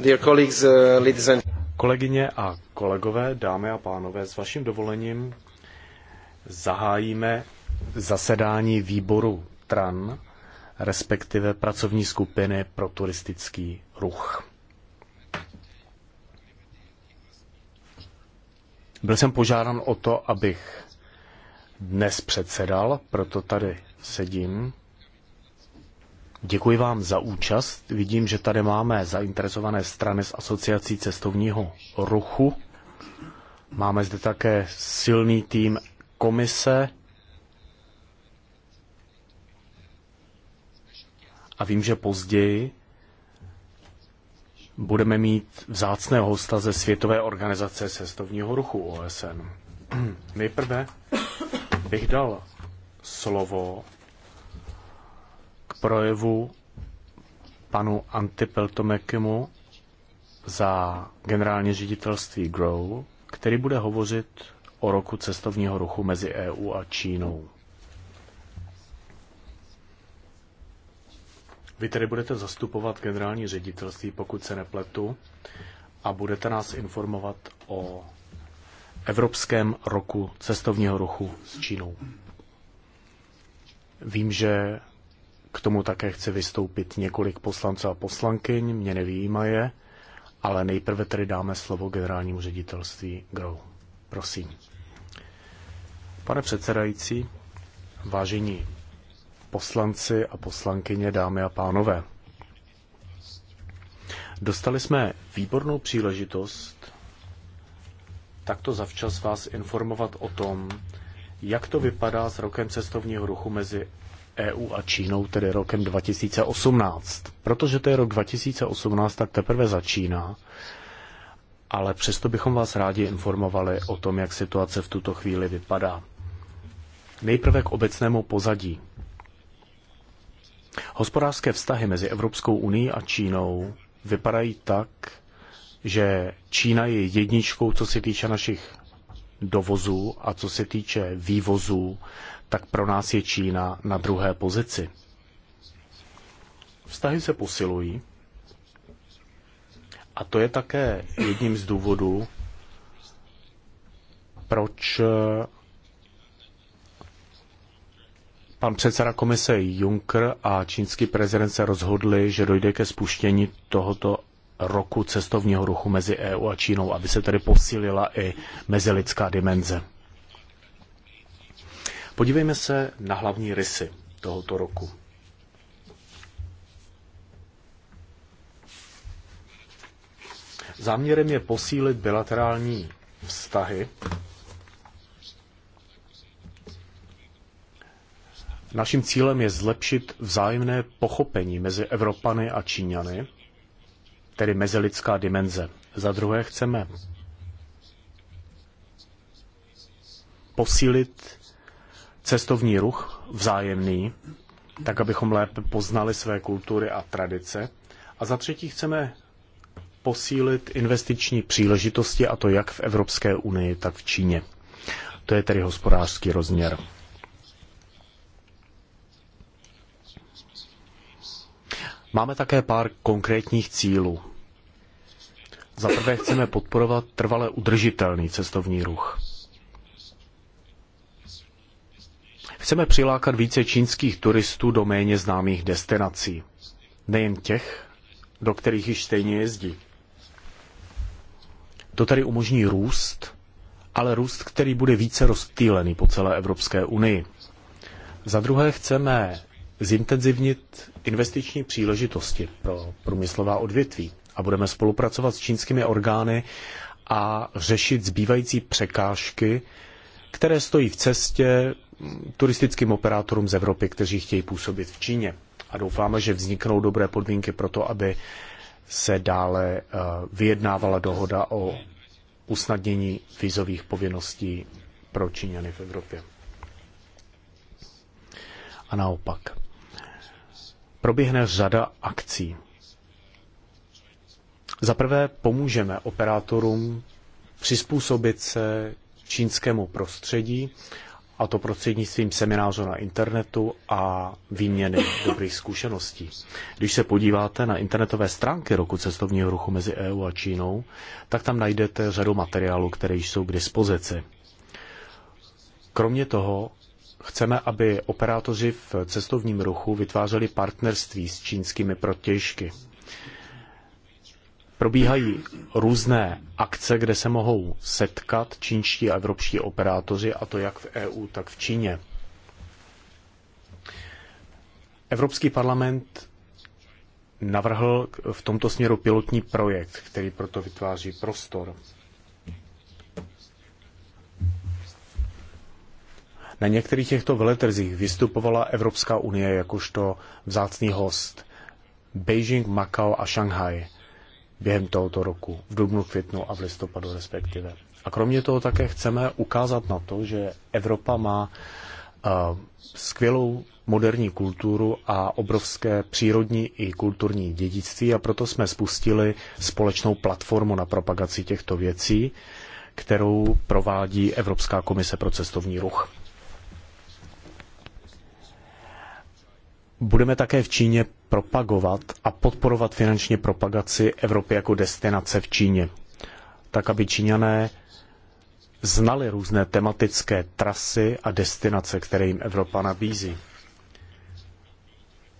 Uh, Kolegyně a kolegové, dámy a pánové, s vaším dovolením zahájíme zasedání výboru TRAN, respektive pracovní skupiny pro turistický ruch. Byl jsem požádán o to, abych dnes předsedal, proto tady sedím. Děkuji vám za účast. Vidím, že tady máme zainteresované strany z Asociací cestovního ruchu. Máme zde také silný tým komise. A vím, že později budeme mít vzácného hosta ze Světové organizace cestovního ruchu OSN. Nejprve bych dal slovo projevu panu Antipeltomekimu za generální ředitelství GROW, který bude hovořit o roku cestovního ruchu mezi EU a Čínou. Vy tedy budete zastupovat generální ředitelství, pokud se nepletu, a budete nás informovat o Evropském roku cestovního ruchu s Čínou. Vím, že k tomu také chce vystoupit několik poslanců a poslankyň, mě nevýjímaje, ale nejprve tedy dáme slovo generálnímu ředitelství GROW. Prosím. Pane předsedající, vážení poslanci a poslankyně, dámy a pánové, dostali jsme výbornou příležitost takto zavčas vás informovat o tom, jak to vypadá s rokem cestovního ruchu mezi EU a Čínou, tedy rokem 2018. Protože to je rok 2018, tak teprve začíná, ale přesto bychom vás rádi informovali o tom, jak situace v tuto chvíli vypadá. Nejprve k obecnému pozadí. Hospodářské vztahy mezi Evropskou unii a Čínou vypadají tak, že Čína je jedničkou, co se týče našich dovozů a co se týče vývozů tak pro nás je Čína na druhé pozici. Vztahy se posilují a to je také jedním z důvodů, proč eh, pan předseda komise Juncker a čínský prezident se rozhodli, že dojde ke spuštění tohoto roku cestovního ruchu mezi EU a Čínou, aby se tedy posílila i mezilidská dimenze. Podívejme se na hlavní rysy tohoto roku. Záměrem je posílit bilaterální vztahy. Naším cílem je zlepšit vzájemné pochopení mezi Evropany a Číňany, tedy mezilidská dimenze. Za druhé chceme posílit cestovní ruch vzájemný, tak abychom lépe poznali své kultury a tradice. A za třetí chceme posílit investiční příležitosti, a to jak v Evropské unii, tak v Číně. To je tedy hospodářský rozměr. Máme také pár konkrétních cílů. Za prvé chceme podporovat trvale udržitelný cestovní ruch. Chceme přilákat více čínských turistů do méně známých destinací. Nejen těch, do kterých již stejně jezdí. To tedy umožní růst, ale růst, který bude více rozptýlený po celé Evropské unii. Za druhé chceme zintenzivnit investiční příležitosti pro průmyslová odvětví a budeme spolupracovat s čínskými orgány a řešit zbývající překážky, které stojí v cestě turistickým operátorům z Evropy, kteří chtějí působit v Číně. A doufáme, že vzniknou dobré podmínky pro to, aby se dále eh, vyjednávala dohoda o usnadnění vízových povinností pro Číňany v Evropě. A naopak. Proběhne řada akcí. Za prvé pomůžeme operátorům přizpůsobit se čínskému prostředí a to prostřednictvím seminářů na internetu a výměny dobrých zkušeností. Když se podíváte na internetové stránky roku cestovního ruchu mezi EU a Čínou, tak tam najdete řadu materiálů, které jsou k dispozici. Kromě toho chceme, aby operátoři v cestovním ruchu vytvářeli partnerství s čínskými protěžky, probíhají různé akce, kde se mohou setkat čínští a evropští operátoři, a to jak v EU, tak v Číně. Evropský parlament navrhl v tomto směru pilotní projekt, který proto vytváří prostor. Na některých těchto veletrzích vystupovala Evropská unie jakožto vzácný host. Beijing, Macao a Šanghaj během tohoto roku, v dubnu, květnu a v listopadu respektive. A kromě toho také chceme ukázat na to, že Evropa má eh, skvělou moderní kulturu a obrovské přírodní i kulturní dědictví a proto jsme spustili společnou platformu na propagaci těchto věcí, kterou provádí Evropská komise pro cestovní ruch. budeme také v Číně propagovat a podporovat finančně propagaci Evropy jako destinace v Číně. Tak, aby Číňané znali různé tematické trasy a destinace, které jim Evropa nabízí.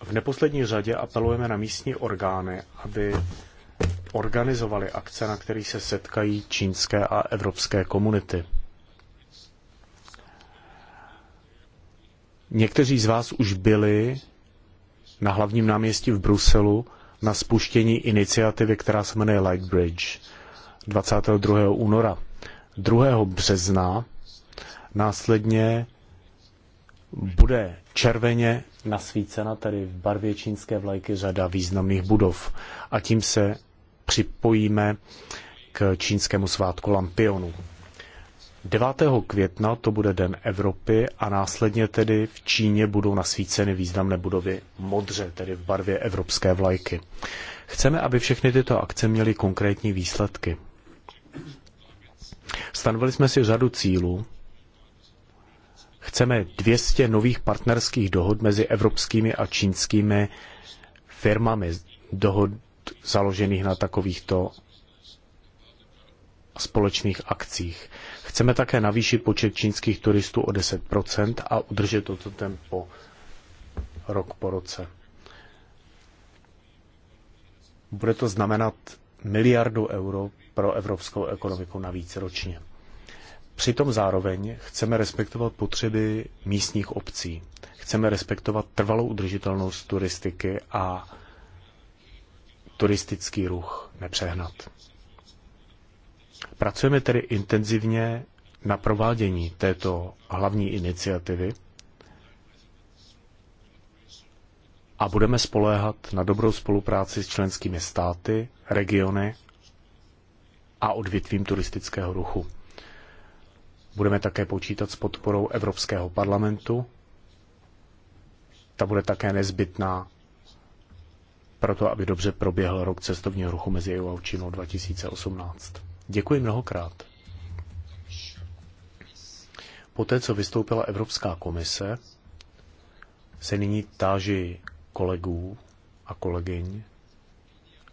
V neposlední řadě apelujeme na místní orgány, aby organizovali akce, na kterých se setkají čínské a evropské komunity. Někteří z vás už byli na hlavním náměstí v Bruselu na spuštění iniciativy, která se jmenuje Lightbridge 22. února. 2. března následně bude červeně nasvícena tady v barvě čínské vlajky řada významných budov a tím se připojíme k čínskému svátku Lampionu. 9. května to bude Den Evropy a následně tedy v Číně budou nasvíceny významné budovy modře, tedy v barvě evropské vlajky. Chceme, aby všechny tyto akce měly konkrétní výsledky. Stanovili jsme si řadu cílů. Chceme 200 nových partnerských dohod mezi evropskými a čínskými firmami, dohod založených na takovýchto společných akcích. Chceme také navýšit počet čínských turistů o 10% a udržet toto tempo rok po roce. Bude to znamenat miliardu euro pro evropskou ekonomiku navíc ročně. Přitom zároveň chceme respektovat potřeby místních obcí. Chceme respektovat trvalou udržitelnost turistiky a turistický ruch nepřehnat. Pracujeme tedy intenzivně na provádění této hlavní iniciativy a budeme spoléhat na dobrou spolupráci s členskými státy, regiony a odvětvím turistického ruchu. Budeme také počítat s podporou Evropského parlamentu. Ta bude také nezbytná proto, aby dobře proběhl rok cestovního ruchu mezi EU a Čínou 2018. Děkuji mnohokrát. Poté, co vystoupila Evropská komise, se nyní táži kolegů a kolegyň,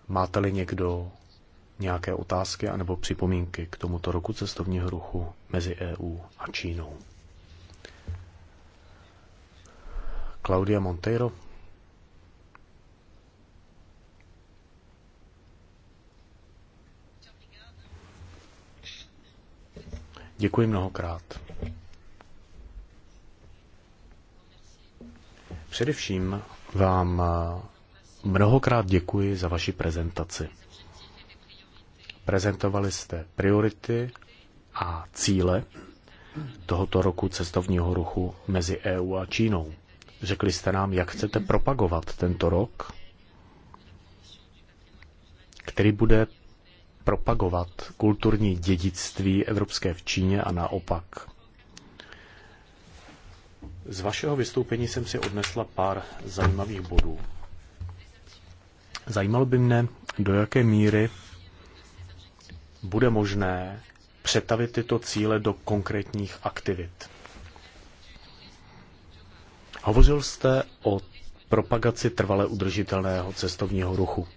máte-li někdo nějaké otázky anebo připomínky k tomuto roku cestovního ruchu mezi EU a Čínou. Claudia Monteiro, Děkuji mnohokrát. Především vám mnohokrát děkuji za vaši prezentaci. Prezentovali jste priority a cíle tohoto roku cestovního ruchu mezi EU a Čínou. Řekli jste nám, jak chcete propagovat tento rok, který bude propagovat kulturní dědictví evropské v Číně a naopak. Z vašeho vystoupení jsem si odnesla pár zajímavých bodů. Zajímalo by mne, do jaké míry bude možné přetavit tyto cíle do konkrétních aktivit. Hovořil jste o propagaci trvale udržitelného cestovního ruchu.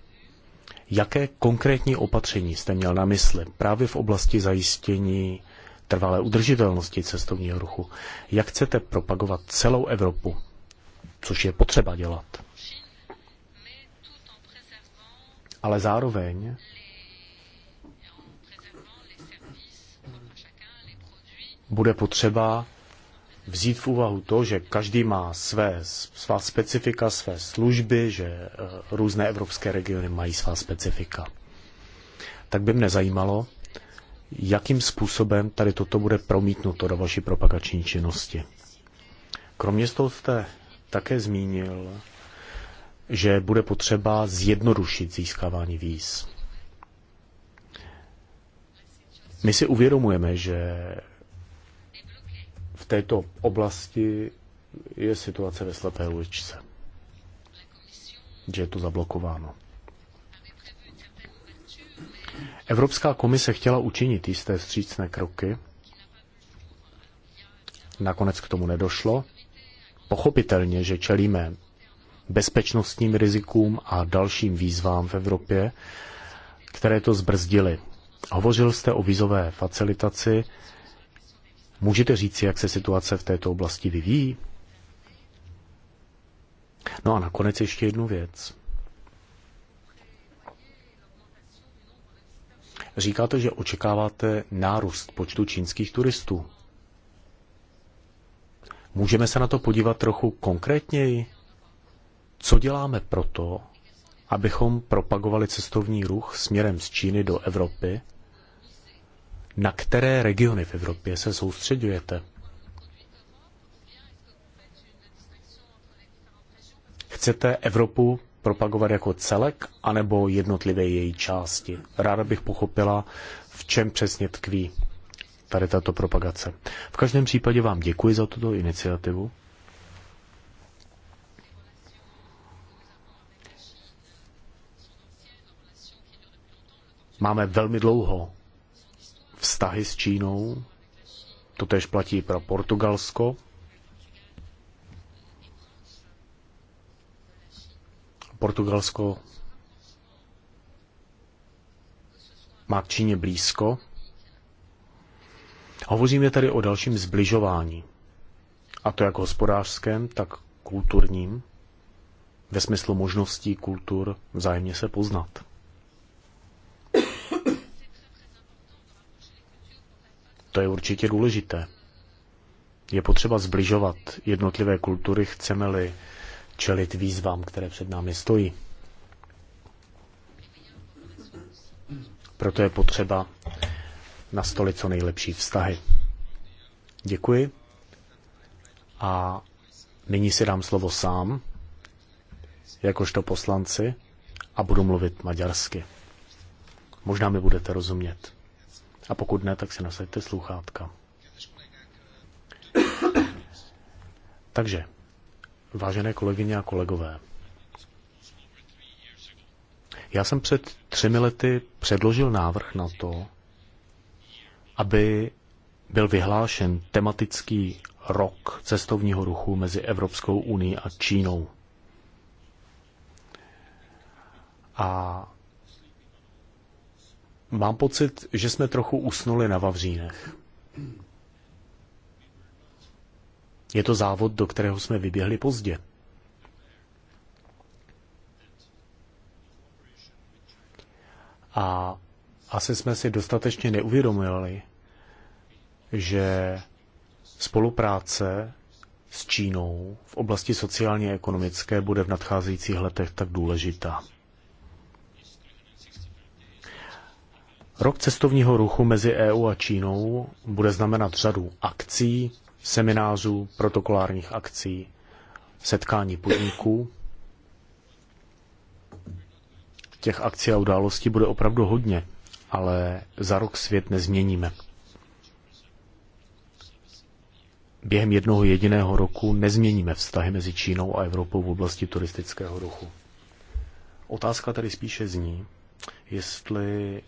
Jaké konkrétní opatření jste měl na mysli právě v oblasti zajištění trvalé udržitelnosti cestovního ruchu? Jak chcete propagovat celou Evropu, což je potřeba dělat? Ale zároveň bude potřeba vzít v úvahu to, že každý má své, svá specifika, své služby, že eh, různé evropské regiony mají svá specifika. Tak by mne zajímalo, jakým způsobem tady toto bude promítnuto do vaší propagační činnosti. Kromě toho jste také zmínil, že bude potřeba zjednodušit získávání víz. My si uvědomujeme, že v této oblasti je situace ve slepé uličce. Že je to zablokováno. Evropská komise chtěla učinit jisté vstřícné kroky. Nakonec k tomu nedošlo. Pochopitelně, že čelíme bezpečnostním rizikům a dalším výzvám v Evropě, které to zbrzdily. Hovořil jste o vízové facilitaci. Můžete říct, jak se situace v této oblasti vyvíjí? No a nakonec ještě jednu věc. Říkáte, že očekáváte nárůst počtu čínských turistů. Můžeme se na to podívat trochu konkrétněji? Co děláme proto, abychom propagovali cestovní ruch směrem z Číny do Evropy na které regiony v Evropě se soustředujete? Chcete Evropu propagovat jako celek, anebo jednotlivé její části? Ráda bych pochopila, v čem přesně tkví tady tato propagace. V každém případě vám děkuji za tuto iniciativu. Máme velmi dlouho vztahy s Čínou. To tež platí pro Portugalsko. Portugalsko má k Číně blízko. Hovoříme tady o dalším zbližování. A to jak hospodářském, tak kulturním. Ve smyslu možností kultur vzájemně se poznat. To je určitě důležité. Je potřeba zbližovat jednotlivé kultury, chceme-li čelit výzvám, které před námi stojí. Proto je potřeba nastolit co nejlepší vztahy. Děkuji. A nyní si dám slovo sám, jakožto poslanci, a budu mluvit maďarsky. Možná mi budete rozumět. A pokud ne, tak si nasaďte sluchátka. Takže, vážené kolegyně a kolegové, já jsem před třemi lety předložil návrh na to, aby byl vyhlášen tematický rok cestovního ruchu mezi Evropskou unii a Čínou. A Mám pocit, že jsme trochu usnuli na Vavřínech. Je to závod, do kterého jsme vyběhli pozdě. A asi jsme si dostatečně neuvědomili, že spolupráce s Čínou v oblasti sociálně-ekonomické bude v nadcházejících letech tak důležitá. Rok cestovního ruchu mezi EU a Čínou bude znamenat řadu akcí, seminářů, protokolárních akcí, setkání podniků. Těch akcí a událostí bude opravdu hodně, ale za rok svět nezměníme. Během jednoho jediného roku nezměníme vztahy mezi Čínou a Evropou v oblasti turistického ruchu. Otázka tady spíše zní, jestli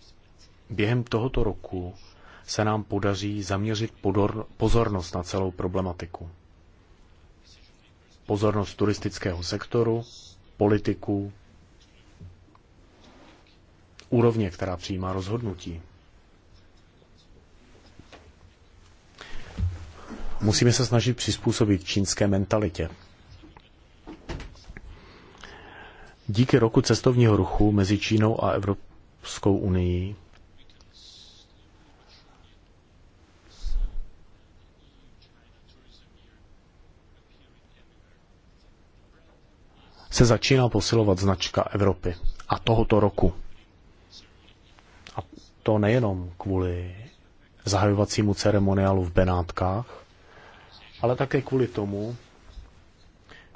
během tohoto roku se nám podaří zaměřit pozornost na celou problematiku. Pozornost turistického sektoru, politiků, úrovně, která přijímá rozhodnutí. Musíme se snažit přizpůsobit čínské mentalitě. Díky roku cestovního ruchu mezi Čínou a Evropskou unii se začíná posilovat značka Evropy a tohoto roku. A to nejenom kvůli zahajovacímu ceremoniálu v Benátkách, ale také kvůli tomu,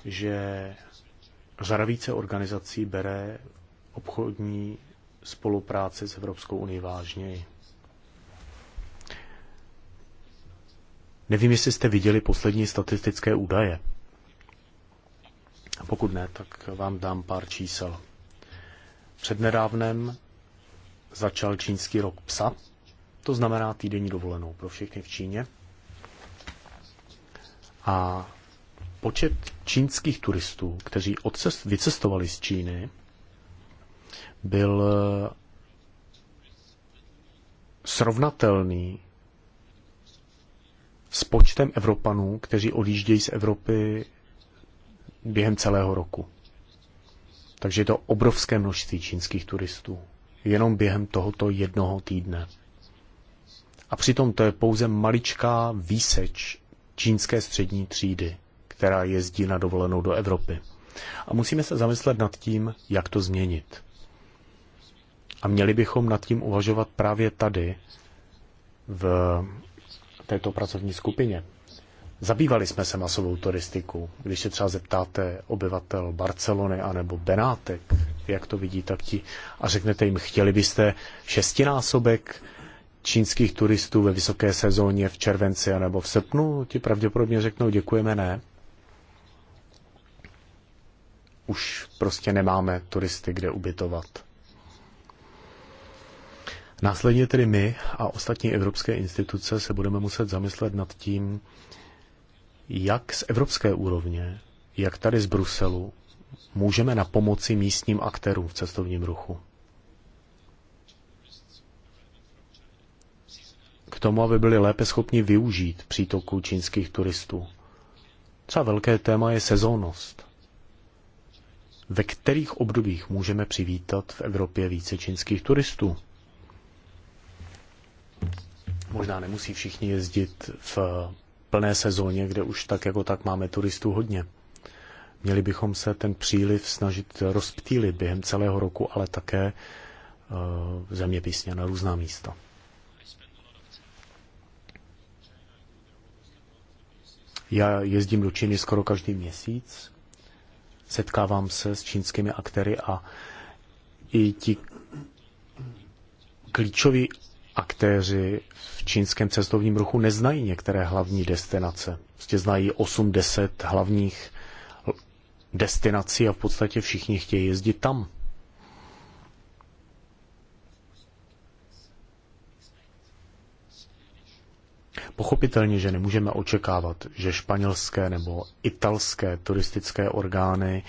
že řada více organizací bere obchodní spolupráci s Evropskou unii vážněji. Nevím, jestli jste viděli poslední statistické údaje. Pokud ne, tak vám dám pár čísel. Přednedávnem začal čínský rok psa, to znamená týdenní dovolenou pro všechny v Číně. A počet čínských turistů, kteří odcest, vycestovali z Číny, byl eh, srovnatelný s počtem Evropanů, kteří odjíždějí z Evropy během celého roku. Takže je to obrovské množství čínských turistů. Jenom během tohoto jednoho týdne. A přitom to je pouze maličká výseč čínské střední třídy, která jezdí na dovolenou do Evropy. A musíme se zamyslet nad tím, jak to změnit. A měli bychom nad tím uvažovat právě tady, v této pracovní skupině. Zabývali jsme se masovou turistikou. Když se třeba zeptáte obyvatel Barcelony anebo Benátek, jak to vidí, tak ti, a řeknete jim, chtěli byste šestinásobek čínských turistů ve vysoké sezóně v červenci anebo v srpnu, ti pravděpodobně řeknou, děkujeme, ne. Už prostě nemáme turisty, kde ubytovat. Následně tedy my a ostatní evropské instituce se budeme muset zamyslet nad tím, jak z evropské úrovně, jak tady z Bruselu, můžeme na pomoci místním aktérům v cestovním ruchu. K tomu, aby byli lépe schopni využít přítoku čínských turistů. Třeba velké téma je sezónnost. Ve kterých obdobích můžeme přivítat v Evropě více čínských turistů? Možná nemusí všichni jezdit v plné sezóně, kde už tak jako tak máme turistů hodně. Měli bychom se ten příliv snažit rozptýlit během celého roku, ale také eh, zeměpisně na různá místa. Já jezdím do Číny skoro každý měsíc, setkávám se s čínskými aktéry a i ti klíčoví aktéři v čínském cestovním ruchu neznají některé hlavní destinace. Prostě znají 8-10 hlavních destinací a v podstatě všichni chtějí jezdit tam. Pochopitelně, že nemůžeme očekávat, že španělské nebo italské turistické orgány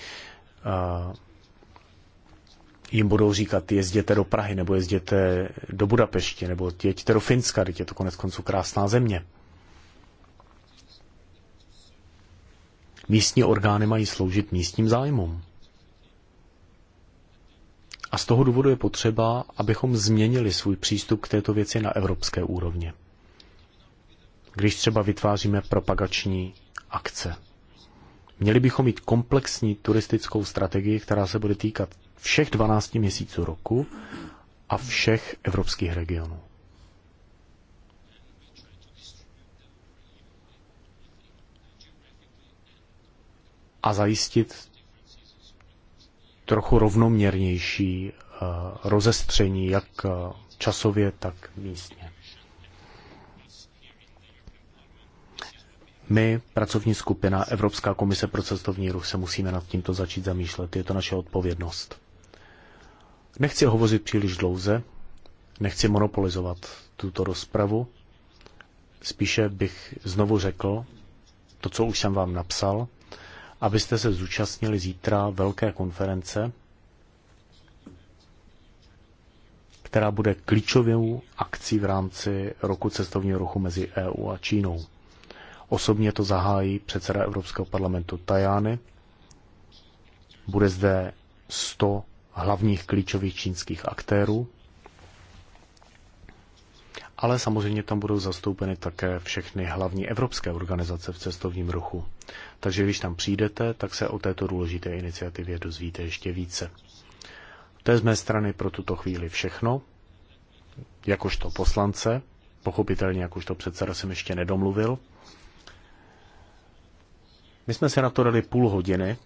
uh, jim budou říkat, jezděte do Prahy, nebo jezděte do Budapešti, nebo jeďte do Finska, teď je to konec konců krásná země. Místní orgány mají sloužit místním zájmům. A z toho důvodu je potřeba, abychom změnili svůj přístup k této věci na evropské úrovni. Když třeba vytváříme propagační akce. Měli bychom mít komplexní turistickou strategii, která se bude týkat všech 12 měsíců roku a všech evropských regionů. A zajistit trochu rovnoměrnější eh, rozestření, jak eh, časově, tak místně. My, pracovní skupina Evropská komise pro cestovní ruch, se musíme nad tímto začít zamýšlet. Je to naše odpovědnost. Nechci hovořit příliš dlouze, nechci monopolizovat tuto rozpravu. Spíše bych znovu řekl to, co už jsem vám napsal, abyste se zúčastnili zítra velké konference, která bude klíčovou akcí v rámci roku cestovního ruchu mezi EU a Čínou. Osobně to zahájí předseda Evropského parlamentu Tajány. Bude zde 100 hlavních klíčových čínských aktérů, ale samozřejmě tam budou zastoupeny také všechny hlavní evropské organizace v cestovním ruchu. Takže když tam přijdete, tak se o této důležité iniciativě dozvíte ještě více. To je z mé strany pro tuto chvíli všechno. Jakožto poslance, pochopitelně jakožto předseda jsem ještě nedomluvil. My jsme se na to dali půl hodiny,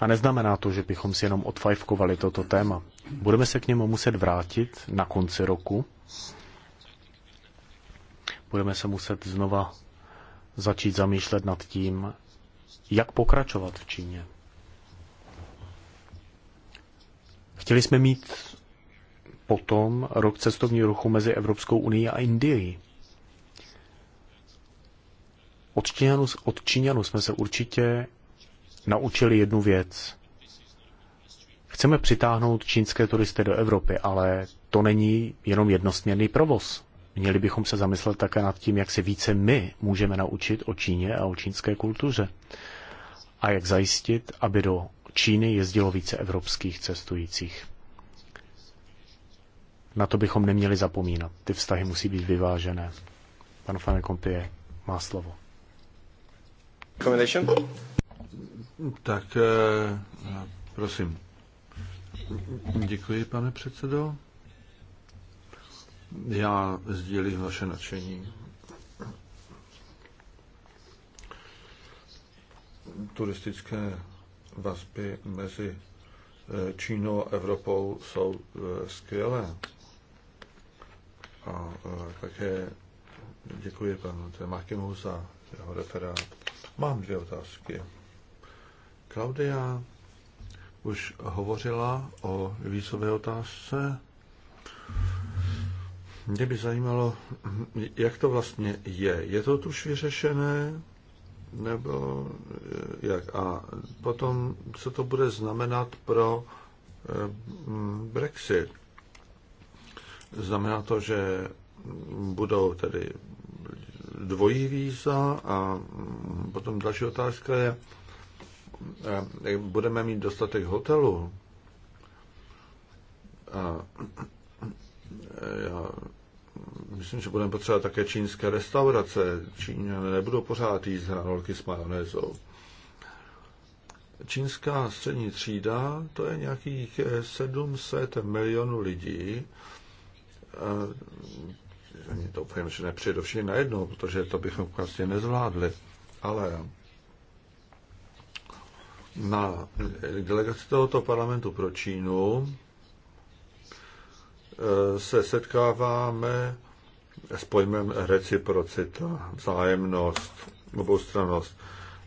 a neznamená to, že bychom si jenom odfajfkovali toto téma. Budeme se k němu muset vrátit na konci roku. Budeme se muset znova začít zamýšlet nad tím, jak pokračovat v Číně. Chtěli jsme mít potom rok cestovního ruchu mezi Evropskou unii a Indií. Od Číňanů, od Číňanů jsme se určitě naučili jednu věc. Chceme přitáhnout čínské turisty do Evropy, ale to není jenom jednosměrný provoz. Měli bychom se zamyslet také nad tím, jak se více my můžeme naučit o Číně a o čínské kultuře. A jak zajistit, aby do Číny jezdilo více evropských cestujících. Na to bychom neměli zapomínat. Ty vztahy musí být vyvážené. Pan Fane Kompie má slovo. Recommendation? Tak, eh, prosím. Děkuji, pane předsedo. Já sdílím vaše nadšení. Turistické vazby mezi eh, Čínou a Evropou jsou eh, skvělé. A také děkuji panu Temakinu za jeho referát. Mám dvě otázky. Klaudia už hovořila o vízové otázce. Mě by zajímalo, jak to vlastně je. Je to tuž vyřešené? Nebo eh, jak? A potom, co to bude znamenat pro eh, Brexit? Znamená to, že budou tedy dvojí víza a mm, potom další otázka je, Eh, budeme mít dostatek hotelů, a eh, já myslím, že budeme potřebovat také čínské restaurace. Číňané nebudou pořád jíst hranolky s majonézou. Čínská střední třída, to je nějakých 700 eh, milionů lidí. Ani to úplně, že nepřijde všichni najednou, protože to bychom vlastně nezvládli. Ale na delegaci tohoto parlamentu pro Čínu eh, se setkáváme s pojmem reciprocita, vzájemnost, oboustranost.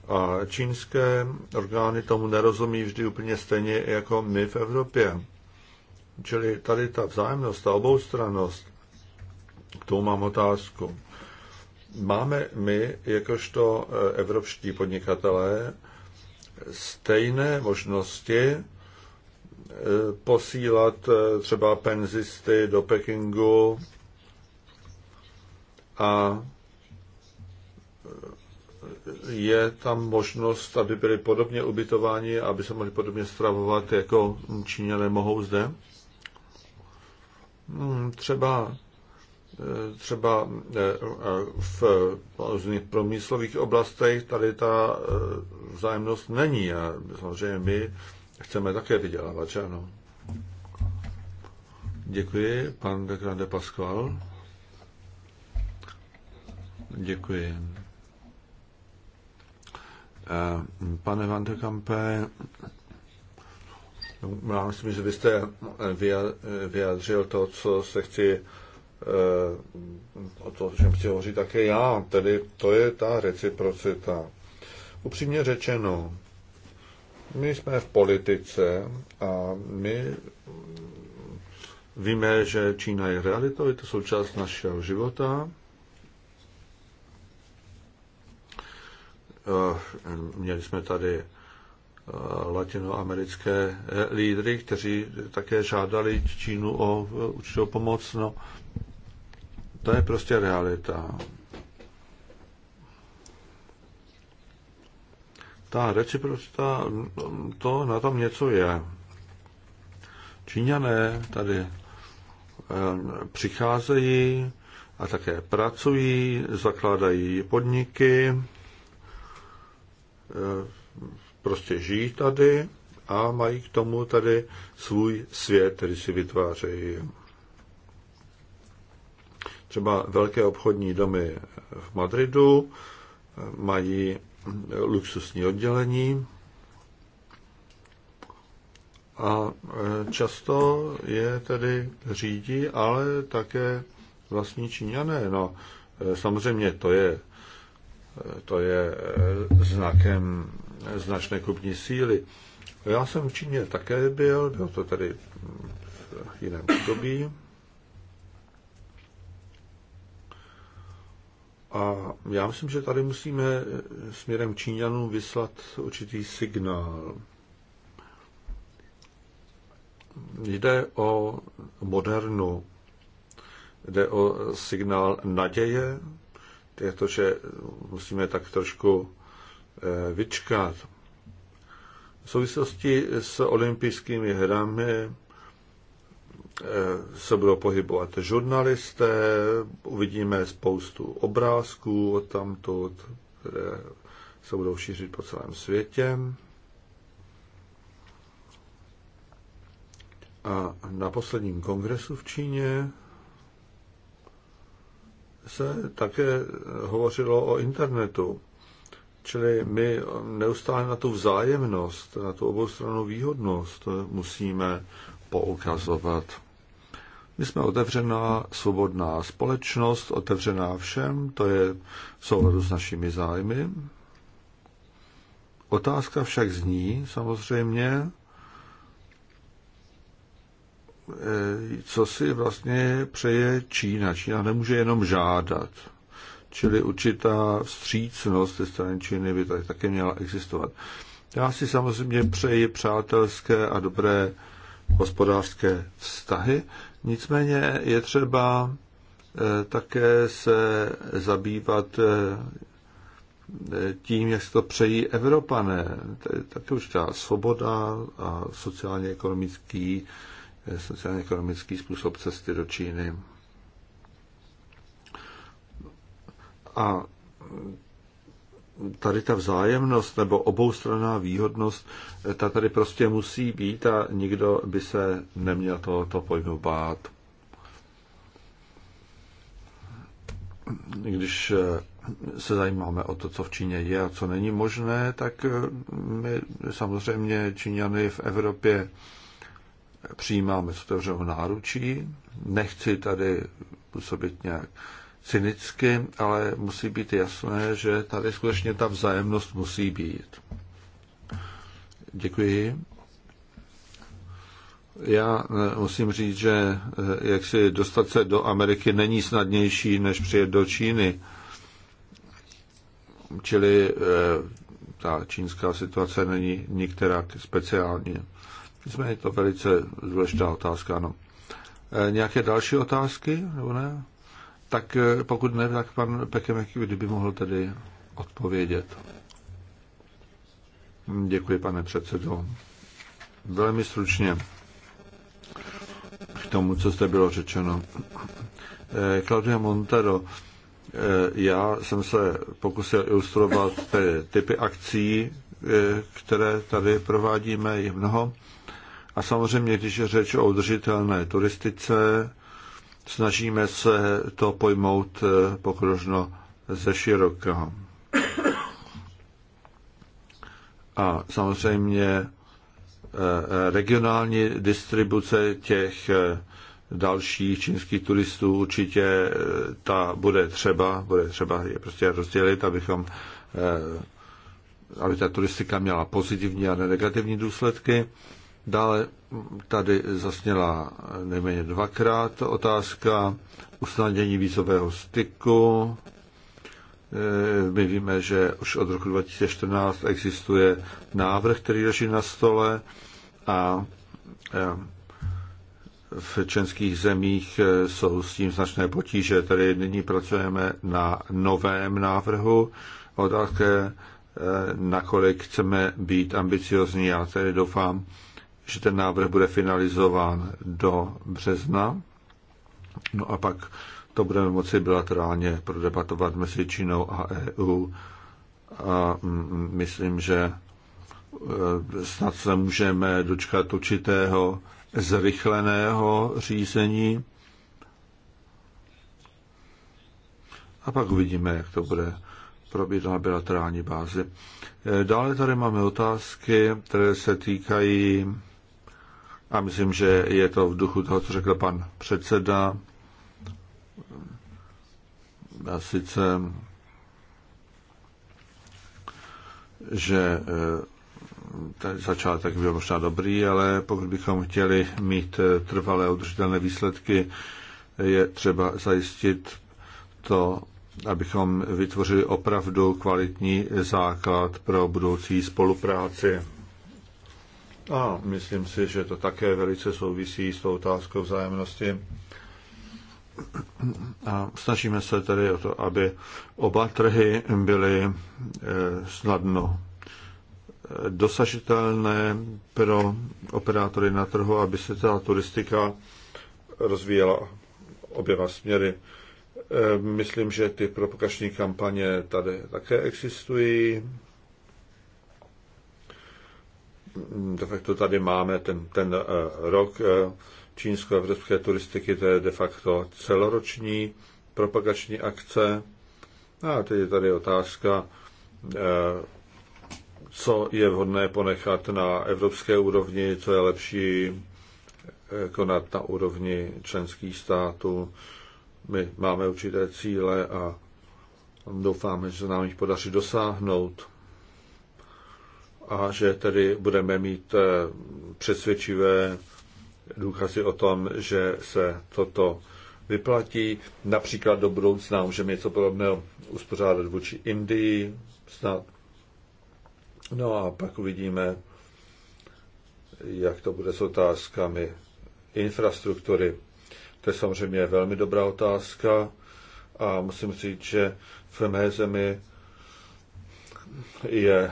A čínské orgány tomu nerozumí vždy úplně stejně jako my v Evropě. Čili tady ta vzájemnost, ta oboustranost, k tomu mám otázku. Máme my, jakožto eh, evropští podnikatelé, stejné možnosti eh, posílat eh, třeba penzisty do Pekingu a eh, je tam možnost, aby byli podobně ubytováni, aby se mohli podobně stravovat, jako Číňané mohou zde? Hmm, třeba třeba e, v různých promyslových oblastech tady ta e, vzájemnost není a samozřejmě my chceme také vydělávat, že ano. Děkuji, pan de Grande Pascual. Děkuji. E, pane Van de Kampe, já myslím, že byste vyjadřil to, co se chci Eh, o to, o čem chci hovořit také já, tedy to je ta reciprocita. Upřímně řečeno, my jsme v politice a my víme, že Čína je realitou, je to součást našeho života. Eh, měli jsme tady eh, latinoamerické lídry, kteří také žádali Čínu o určitou pomoc. No, to je prostě realita. Ta reciprocita, to na tom něco je. Číňané tady přicházejí a také pracují, zakládají podniky, prostě žijí tady a mají k tomu tady svůj svět, který si vytvářejí. Třeba velké obchodní domy v Madridu eh, mají luxusní oddělení a eh, často je tedy řídí, ale také vlastní Číňané. No, eh, samozřejmě to je, to je znakem značné kupní síly. Já jsem v Číně také byl, byl to tedy v jiném období, A já myslím, že tady musíme směrem k Číňanům vyslat určitý signál. Jde o modernu, jde o signál naděje, je to, že musíme tak trošku eh, vyčkat. V souvislosti s olympijskými hrami Eh, se budou pohybovat žurnalisté, uvidíme spoustu obrázků od tamtud, které se budou šířit po celém světě. A na posledním kongresu v Číně se také hovořilo o internetu. Čili my neustále na tu vzájemnost, na tu oboustrannou výhodnost musíme poukazovat. My jsme otevřená svobodná společnost, otevřená všem, to je v souladu s našimi zájmy. Otázka však zní samozřejmě, eh, co si vlastně přeje Čína. Čína nemůže jenom žádat. Čili určitá vstřícnost ze strany Číny by tady také měla existovat. Já si samozřejmě přeji přátelské a dobré hospodářské vztahy. Nicméně je třeba eh, také se zabývat eh, tím, jak se to přejí Evropané. Také už ta svoboda a sociálně-ekonomický eh, sociálně-ekonomický způsob cesty do Číny. A tady ta vzájemnost nebo oboustranná výhodnost, eh, ta tady prostě musí být a nikdo by se neměl tohoto pojmu bát. Když eh, se zajímáme o to, co v Číně je a co není možné, tak eh, my samozřejmě Číňany v Evropě přijímáme s otevřenou náručí. Nechci tady působit nějak cynicky, ale musí být jasné, že tady skutečně ta vzájemnost musí být. Děkuji. Já eh, musím říct, že eh, jak si dostat se do Ameriky není snadnější, než přijet do Číny. Čili eh, ta čínská situace není nikterak speciální. Nicméně je to velice důležitá otázka. Ano. Nějaké další otázky, nebo ne? Tak eh, pokud ne, tak pan Pekemek, kdyby mohl tedy odpovědět. Děkuji, pane předsedo. Velmi stručně k tomu, co jste bylo řečeno. Eh, Claudia Montero, eh, já jsem se pokusil ilustrovat ty typy akcí, které tady provádíme, je mnoho. A samozřejmě, když je řeč o udržitelné turistice, Snažíme se to pojmout eh, pokrožno ze široka. A samozřejmě eh, regionální distribuce těch eh, dalších čínských turistů určitě ta bude třeba, bude třeba je prostě rozdělit, abychom aby ta turistika měla pozitivní a ne negativní důsledky. Dále tady zasněla nejméně dvakrát otázka usnadnění vízového styku. Eh, my víme, že už od roku 2014 existuje návrh, který leží na stole a eh, v českých zemích eh, jsou s tím značné potíže. Tady nyní pracujeme na novém návrhu o také, nakolik chceme být ambiciozní. Já tedy doufám, že ten návrh bude finalizován do března. No a pak to budeme moci bilaterálně prodebatovat mezi Čínou a EU. A mm, mm, myslím, že e, snad se můžeme dočkat určitého zrychleného řízení. A pak uvidíme, jak to bude probíhat na bilaterální bázi. E, dále tady máme otázky, které se týkají a myslím, že je to v duchu toho, co řekl pan předseda. A sice, že eh, ten začátek byl možná dobrý, ale pokud bychom chtěli mít eh, trvalé udržitelné výsledky, je třeba zajistit to, abychom vytvořili opravdu kvalitní základ pro budoucí spolupráci. A myslím si, že to také velice souvisí s tou otázkou vzájemnosti. A snažíme se tedy o to, aby oba trhy byly e, snadno e, dosažitelné pro operátory na trhu, aby se ta turistika rozvíjela oběma směry. E, myslím, že ty propagační kampaně tady také existují de facto tady máme ten, ten eh, rok eh, čínsko-evropské turistiky, to je de facto celoroční propagační akce. A teď je tady otázka, eh, co je vhodné ponechat na evropské úrovni, co je lepší konat na úrovni členských států. My máme určité cíle a doufáme, že se nám jich podaří dosáhnout a že tedy budeme mít eh, přesvědčivé důkazy o tom, že se toto vyplatí. Například do budoucna můžeme něco podobného uspořádat vůči Indii, snad. No a pak uvidíme, jak to bude s otázkami infrastruktury. To je samozřejmě velmi dobrá otázka a musím říct, že v mé zemi je eh,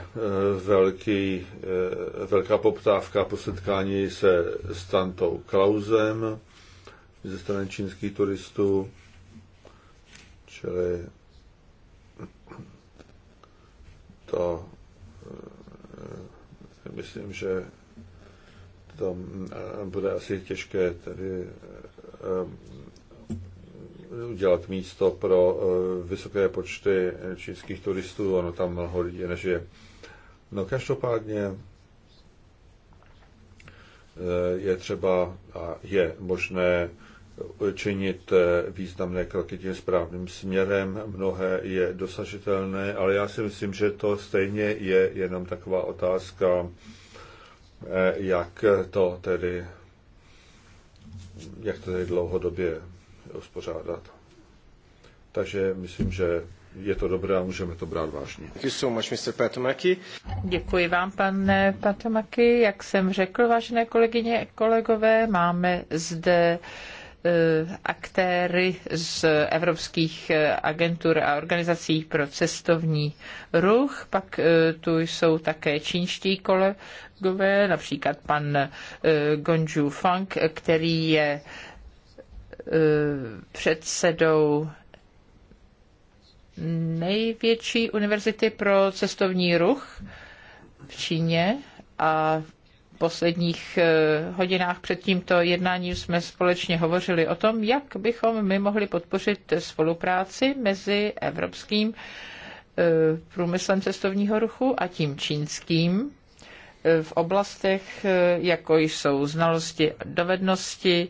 velký, eh, velká poptávka po setkání se Stantou Klausem ze strany čínských turistů, čili to eh, myslím, že to mm, bude asi těžké tedy udělat místo pro eh, vysoké počty čínských turistů, ono tam mnoho lidí nežije. No každopádně eh, je třeba a je možné činit eh, významné kroky tím správným směrem. Mnohé je dosažitelné, ale já si myslím, že to stejně je jenom taková otázka, jak to tedy, jak to tedy dlouhodobě uspořádat. Takže myslím, že je to dobré a můžeme to brát vážně. Děkuji vám, pane Patomaki. Jak jsem řekl, vážené kolegyně a kolegové, máme zde eh, aktéry z evropských eh, agentur a organizací pro cestovní ruch. Pak eh, tu jsou také čínští kolegové, například pan Gonju Fang, který je předsedou největší univerzity pro cestovní ruch v Číně a v posledních eh, hodinách před tímto jednáním jsme společně hovořili o tom, jak bychom my mohli podpořit spolupráci mezi evropským eh, průmyslem cestovního ruchu a tím čínským eh, v oblastech, jako jsou znalosti a dovednosti,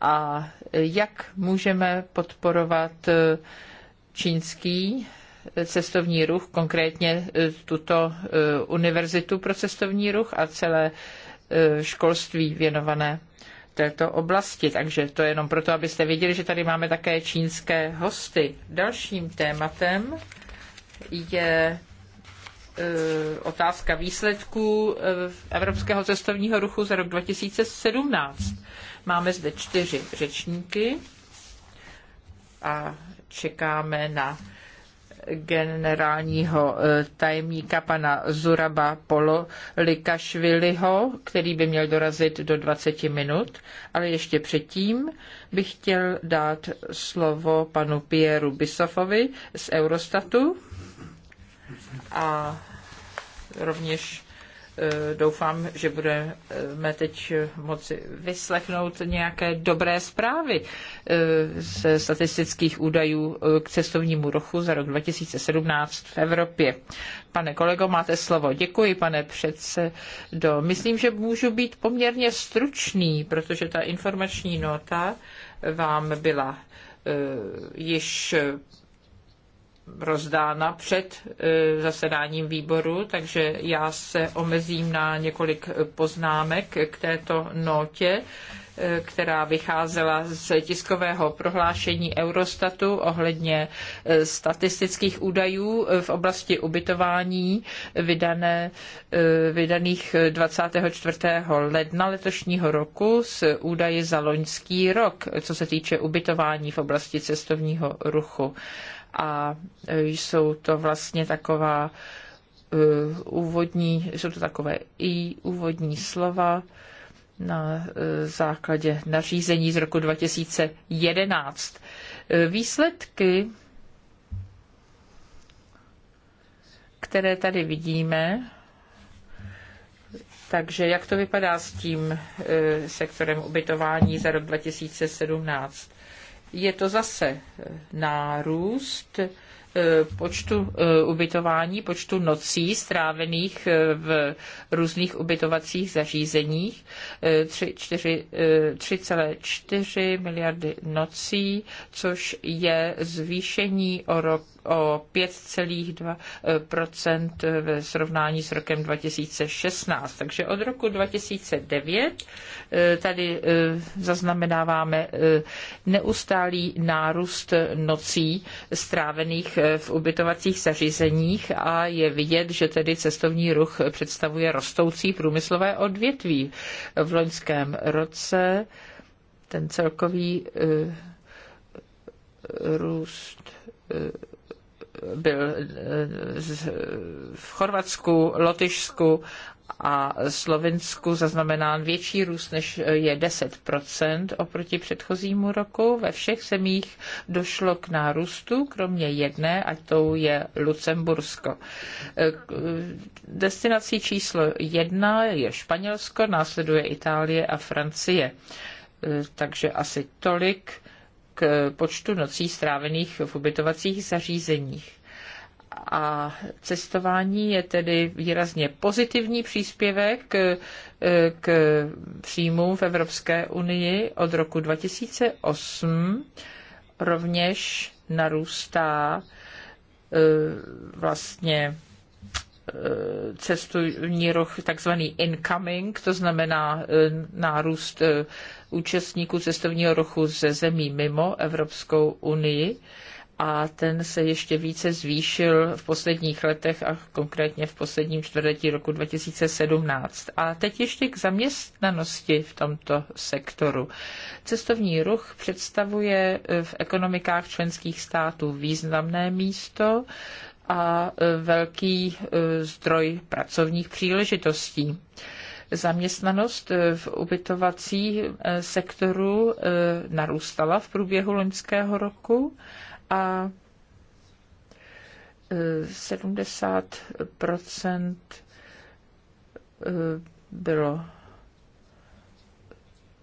a jak můžeme podporovat eh, čínský eh, cestovní ruch, konkrétně eh, tuto univerzitu pro cestovní ruch a celé školství věnované této oblasti. Takže to je jenom proto, abyste věděli, že tady máme také čínské hosty. Dalším tématem je otázka výsledků Evropského cestovního ruchu za rok 2017. Máme zde čtyři řečníky a čekáme na generálního eh, tajemníka pana Zuraba Polo Likašviliho, který by měl dorazit do 20 minut, ale ještě předtím bych chtěl dát slovo panu Pieru Bisofovi z Eurostatu a rovněž Eh, doufám, že budeme teď moci vyslechnout nějaké dobré zprávy eh, ze statistických údajů eh, k cestovnímu ruchu za rok 2017 v Evropě. Pane kolego, máte slovo. Děkuji, pane předsedo. Myslím, že můžu být poměrně stručný, protože ta informační nota vám byla již rozdána před e, zasedáním výboru, takže já se omezím na několik poznámek k této notě, e, která vycházela z tiskového prohlášení Eurostatu ohledně e, statistických údajů v oblasti ubytování vydané, vydaných 24. ledna letošního roku s údaji za loňský rok, co se týče ubytování v oblasti cestovního ruchu a e, jsou to vlastně taková e, úvodní, jsou to takové i úvodní slova na e, základě nařízení z roku 2011. Výsledky, které tady vidíme, takže jak to vypadá s tím sektorem ubytování za rok 2017? je to zase eh, nárůst eh, počtu eh, ubytování, počtu nocí strávených v různých ubytovacích zařízeních. 3,4 miliardy nocí, což je zvýšení o rok o 5,2 ve srovnání s rokem 2016. Takže od roku 2009 eh, tady eh, zaznamenáváme eh, neustálý nárůst nocí strávených v ubytovacích zařízeních a je vidět, že tedy cestovní ruch představuje rostoucí průmyslové odvětví. V loňském roce ten celkový růst byl eh, v Chorvatsku, Lotyšsku a Slovinsku zaznamenán větší růst, než je 10 oproti předchozímu roku. Ve všech zemích došlo k nárůstu, kromě jedné, a tou je Lucembursko. Eh, destinací číslo jedna je Španělsko, následuje Itálie a Francie. Eh, takže asi tolik k počtu nocí strávených v ubytovacích zařízeních. A cestování je tedy výrazně pozitivní příspěvek e, k, k příjmům v Evropské unii od roku 2008. Rovněž narůstá e, vlastně e, cestovní roh, takzvaný incoming, to znamená nárůst účastníků cestovního ruchu ze zemí mimo Evropskou unii a ten se ještě více zvýšil v posledních letech a konkrétně v posledním čtvrtletí roku 2017. A teď ještě k zaměstnanosti v tomto sektoru. Cestovní ruch představuje eh, v ekonomikách členských států významné místo a eh, velký eh, zdroj pracovních příležitostí. Zaměstnanost eh, v ubytovacím eh, sektoru eh, narůstala v průběhu loňského roku a 70 bylo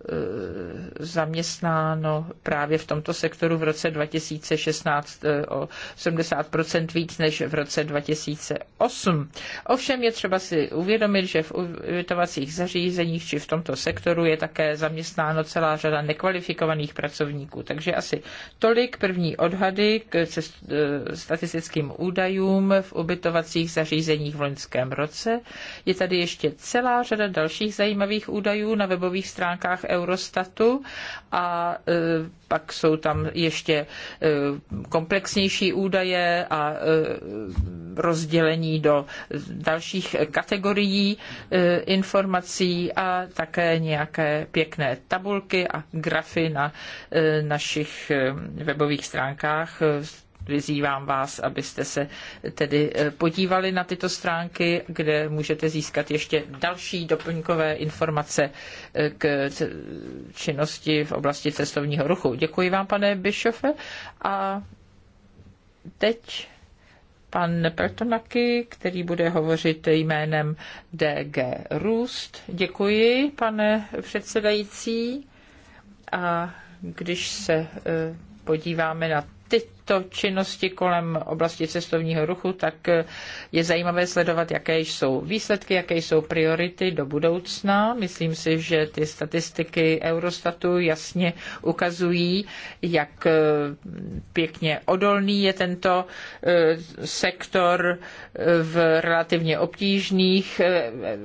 Eh, zaměstnáno právě v tomto sektoru v roce 2016 eh, o 70 víc než v roce 2008. Ovšem je třeba si uvědomit, že v ubytovacích zařízeních či v tomto sektoru je také zaměstnáno celá řada nekvalifikovaných pracovníků. Takže asi tolik první odhady k eh, statistickým údajům v ubytovacích zařízeních v loňském roce. Je tady ještě celá řada dalších zajímavých údajů na webových stránkách Eurostatu a e, pak jsou tam ještě e, komplexnější údaje a e, rozdělení do dalších kategorií informací a také nějaké pěkné tabulky a grafy na našich webových stránkách Vyzývám vás, abyste se tedy eh, podívali na tyto stránky, kde můžete získat ještě další doplňkové informace eh, k činnosti v oblasti cestovního ruchu. Děkuji vám, pane Bischofe. A teď pan Peltonaky, který bude hovořit jménem DG Růst. Děkuji, pane předsedající. A když se eh, podíváme na ty této činnosti kolem oblasti cestovního ruchu, tak je zajímavé sledovat, jaké jsou výsledky, jaké jsou priority do budoucna. Myslím si, že ty statistiky Eurostatu jasně ukazují, jak eh, pěkně odolný je tento eh, sektor eh, v relativně obtížných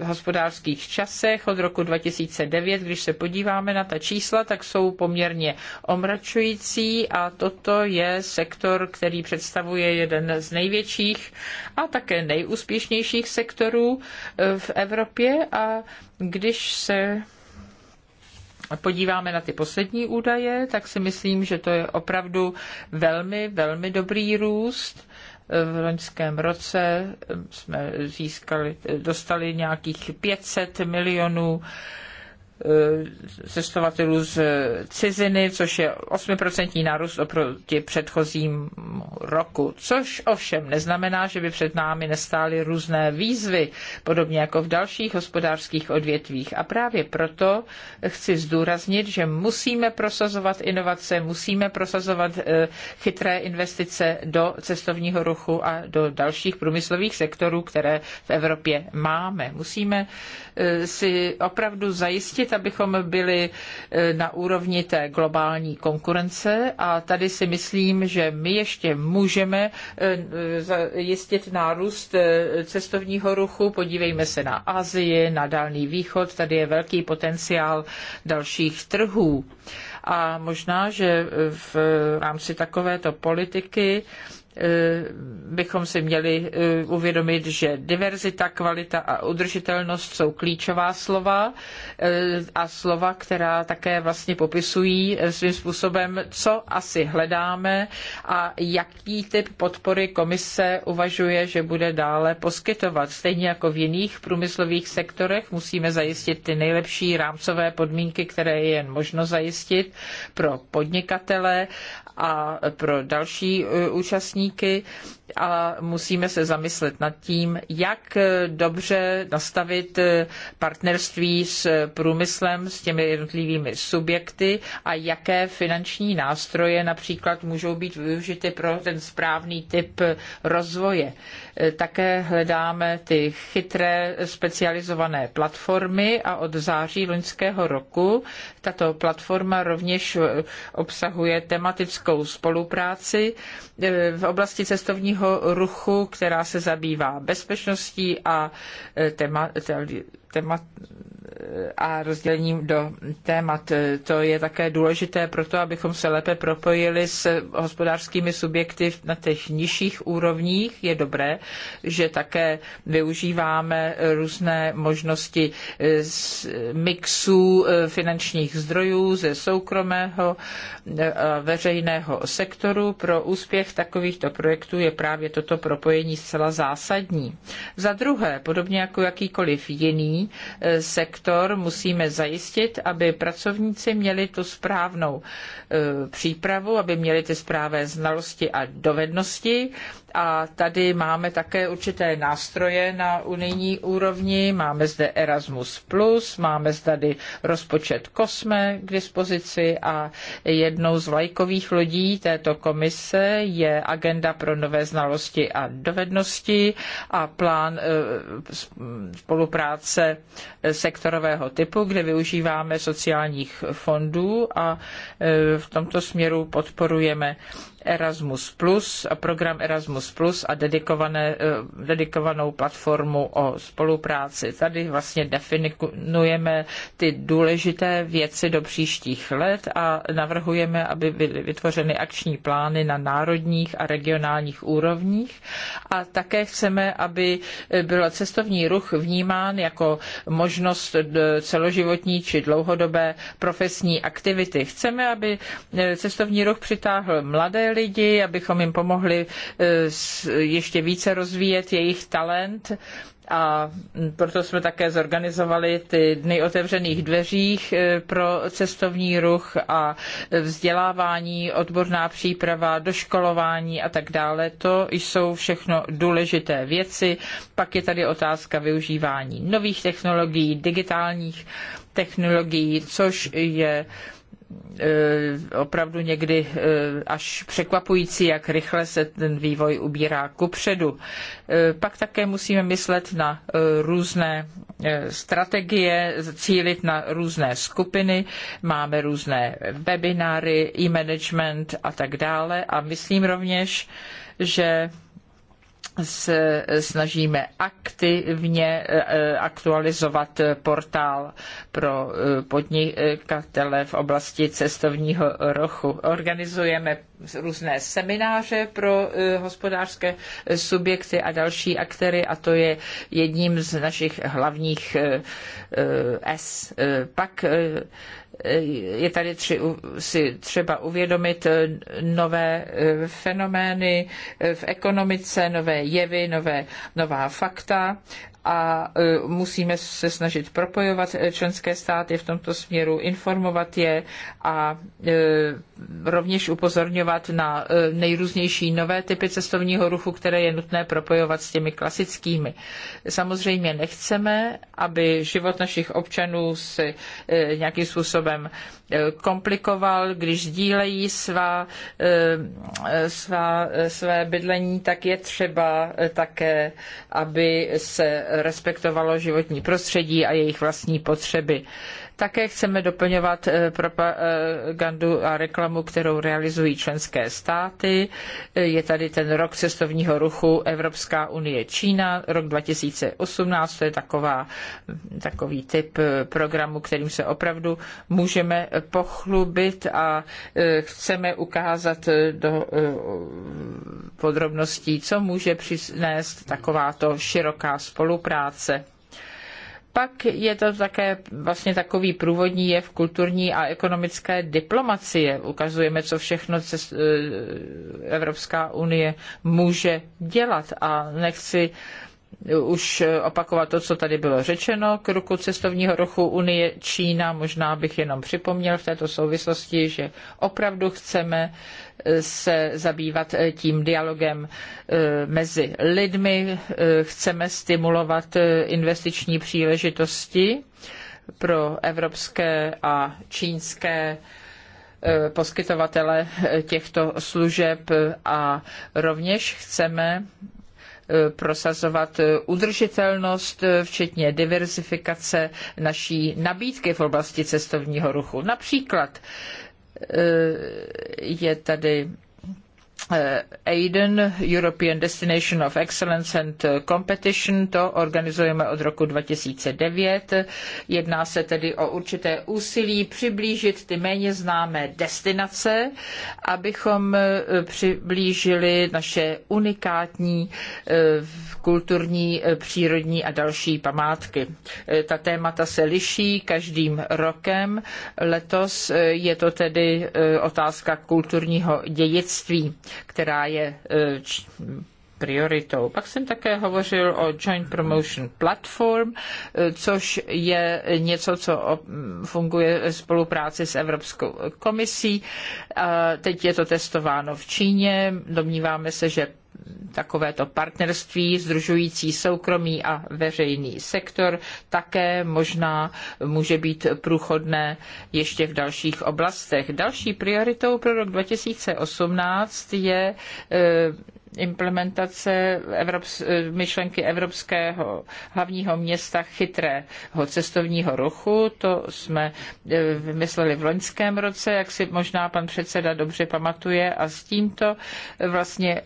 hospodářských časech od roku 2009. Když se podíváme na ta čísla, tak jsou poměrně omračující a toto je sektor, sektor, který představuje jeden z největších a také nejúspěšnějších sektorů eh, v Evropě. A když se podíváme na ty poslední údaje, tak si myslím, že to je opravdu velmi, velmi dobrý růst v loňském roce eh, jsme získali, dostali nějakých 500 milionů cestovatelů eh, z ciziny, což je 8% nárůst oproti předchozím roku, což ovšem neznamená, že by před námi nestály různé výzvy, podobně jako v dalších hospodářských odvětvích. A právě proto chci zdůraznit, že musíme prosazovat inovace, musíme prosazovat eh, chytré investice do cestovního ruchu a do dalších průmyslových sektorů, které v Evropě máme. Musíme eh, si opravdu zajistit zajistit, abychom byli e, na úrovni té globální konkurence a tady si myslím, že my ještě můžeme e, e, zajistit nárůst cestovního ruchu. Podívejme se na Asii, na Dálný východ, tady je velký potenciál dalších trhů. A možná, že v rámci takovéto politiky Eh, bychom si měli eh, uvědomit, že diverzita, kvalita a udržitelnost jsou klíčová slova eh, a slova, která také vlastně popisují svým způsobem, co asi hledáme a jaký typ podpory komise uvažuje, že bude dále poskytovat. Stejně jako v jiných průmyslových sektorech musíme zajistit ty nejlepší rámcové podmínky, které je jen možno zajistit pro podnikatele a pro další účastníky podniky a musíme se zamyslet nad tím, jak dobře nastavit partnerství s průmyslem, s těmi jednotlivými subjekty a jaké finanční nástroje například můžou být využity pro ten správný typ rozvoje. Také hledáme ty chytré specializované platformy a od září loňského roku tato platforma rovněž obsahuje tematickou spolupráci v oblasti cestovního cestovního ruchu, která se zabývá bezpečností a e, téma, téma, a rozdělením do témat. To je také důležité proto, abychom se lépe propojili s hospodářskými subjekty na těch nižších úrovních. Je dobré, že také využíváme různé možnosti eh, mixů eh, finančních zdrojů ze soukromého eh, a veřejného sektoru. Pro úspěch takovýchto projektů je právě toto propojení zcela zásadní. Za druhé, podobně jako jakýkoliv jiný sektor, sektor musíme zajistit, aby pracovníci měli tu správnou e, přípravu, aby měli ty správné znalosti a dovednosti a tady máme také určité nástroje na unijní úrovni. Máme zde Erasmus+, máme tady rozpočet COSME k dispozici a jednou z vlajkových lodí této komise je agenda pro nové znalosti a dovednosti a plán eh, spolupráce sektorového typu, kde využíváme sociálních fondů a eh, v tomto směru podporujeme Erasmus Plus, program Erasmus Plus a eh, dedikovanou platformu o spolupráci. Tady vlastně definujeme ty důležité věci do příštích let a navrhujeme, aby byly vytvořeny akční plány na národních a regionálních úrovních a také chceme, aby byl cestovní ruch vnímán jako možnost eh, celoživotní či dlouhodobé profesní aktivity. Chceme, aby eh, cestovní ruch přitáhl mladé lidi, abychom jim pomohli e, ještě více rozvíjet jejich talent a proto jsme také zorganizovali ty dny otevřených dveřích e, pro cestovní ruch a vzdělávání, odborná příprava, doškolování a tak dále. To jsou všechno důležité věci. Pak je tady otázka využívání nových technologií, digitálních technologií, což je uh, Eh, opravdu někdy eh, až překvapující, jak rychle se ten vývoj ubírá kupředu. Eh, pak také musíme myslet na různé strategie, cílit na různé skupiny. Máme různé webináry, e-management a tak dále. A myslím rovněž, že se snažíme aktivně eh, eh, aktualizovat portál pro eh, podnikatele v oblasti cestovního ruchu. Organizujeme různé semináře pro hospodářské subjekty a další aktéry a to je jedním z našich hlavních S. Pak Eh, je tady tři, si třeba uvědomit eh, nové eh, fenomény v ekonomice, nové jevy, nové, nová fakta a e, musíme se snažit propojovat e, členské státy v tomto směru, informovat je a e, rovněž upozorňovat na nejrůznější nové typy cestovního ruchu, které je nutné propojovat s těmi klasickými. Samozřejmě nechceme, aby život našich občanů si nějakým způsobem komplikoval, když sdílejí svá, svá, své bydlení, tak je třeba také, aby se respektovalo životní prostředí a jejich vlastní potřeby. Také chceme doplňovat eh, propagandu a reklamu, kterou realizují členské státy. Eh, je tady ten rok cestovního ruchu Evropská unie Čína, rok 2018, to je taková, hm, takový typ eh, programu, kterým se opravdu můžeme pochlubit a chceme ukázat do podrobností, co může přinést takováto široká spolupráce spolupráce. Pak je to také vlastně takový průvodní jev kulturní a ekonomické diplomacie. Ukazujeme, co všechno e, Evropská unie může dělat a nechci už eh, opakovat to, co tady bylo řečeno k ruku cestovního ruchu Unie Čína. Možná bych jenom připomněl v této souvislosti, že opravdu chceme eh, se zabývat eh, tím dialogem mezi lidmi, chceme stimulovat investiční příležitosti pro evropské a čínské poskytovatele těchto služeb a rovněž chceme prosazovat udržitelnost, včetně diverzifikace naší nabídky v oblasti cestovního ruchu. Například eh, je tady Eh, Aiden, European Destination of Excellence and Competition, to organizujeme od roku 2009. Jedná se tedy o určité úsilí přiblížit ty méně známé destinace, abychom eh, přiblížili naše unikátní eh, kulturní, eh, přírodní a další památky. Eh, ta témata se liší každým rokem. Letos eh, je to tedy otázka kulturního dědictví, která je prioritou. Pak jsem také hovořil o Joint Promotion Platform, což je něco, co funguje v spolupráci s Evropskou komisí. Teď je to testováno v Číně. Domníváme se, že takovéto partnerství združující soukromý a veřejný sektor také možná může být průchodné ještě v dalších oblastech. Další prioritou pro rok 2018 je e, implementace Evrops, e, myšlenky Evropského hlavního města chytrého cestovního ruchu. To jsme e, vymysleli v loňském roce, jak si možná pan předseda dobře pamatuje a s tímto vlastně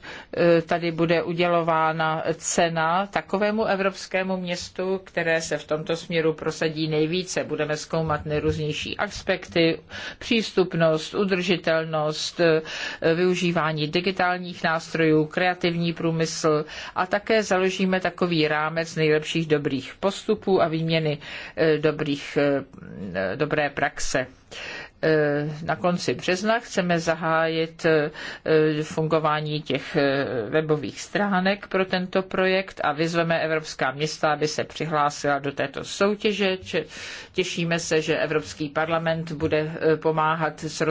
tady bude udělována cena takovému evropskému městu, které se v tomto směru prosadí nejvíce. Budeme zkoumat nejrůznější aspekty, přístupnost, udržitelnost, využívání digitálních nástrojů, kreativní průmysl a také založíme takový rámec nejlepších dobrých postupů a výměny eh, dobrých, eh, dobré praxe. Eh, na konci března chceme zahájit eh, fungování těch eh, webových stránek pro tento projekt a vyzveme Evropská města, aby se přihlásila do této soutěže. Těšíme se, že Evropský parlament bude pomáhat s,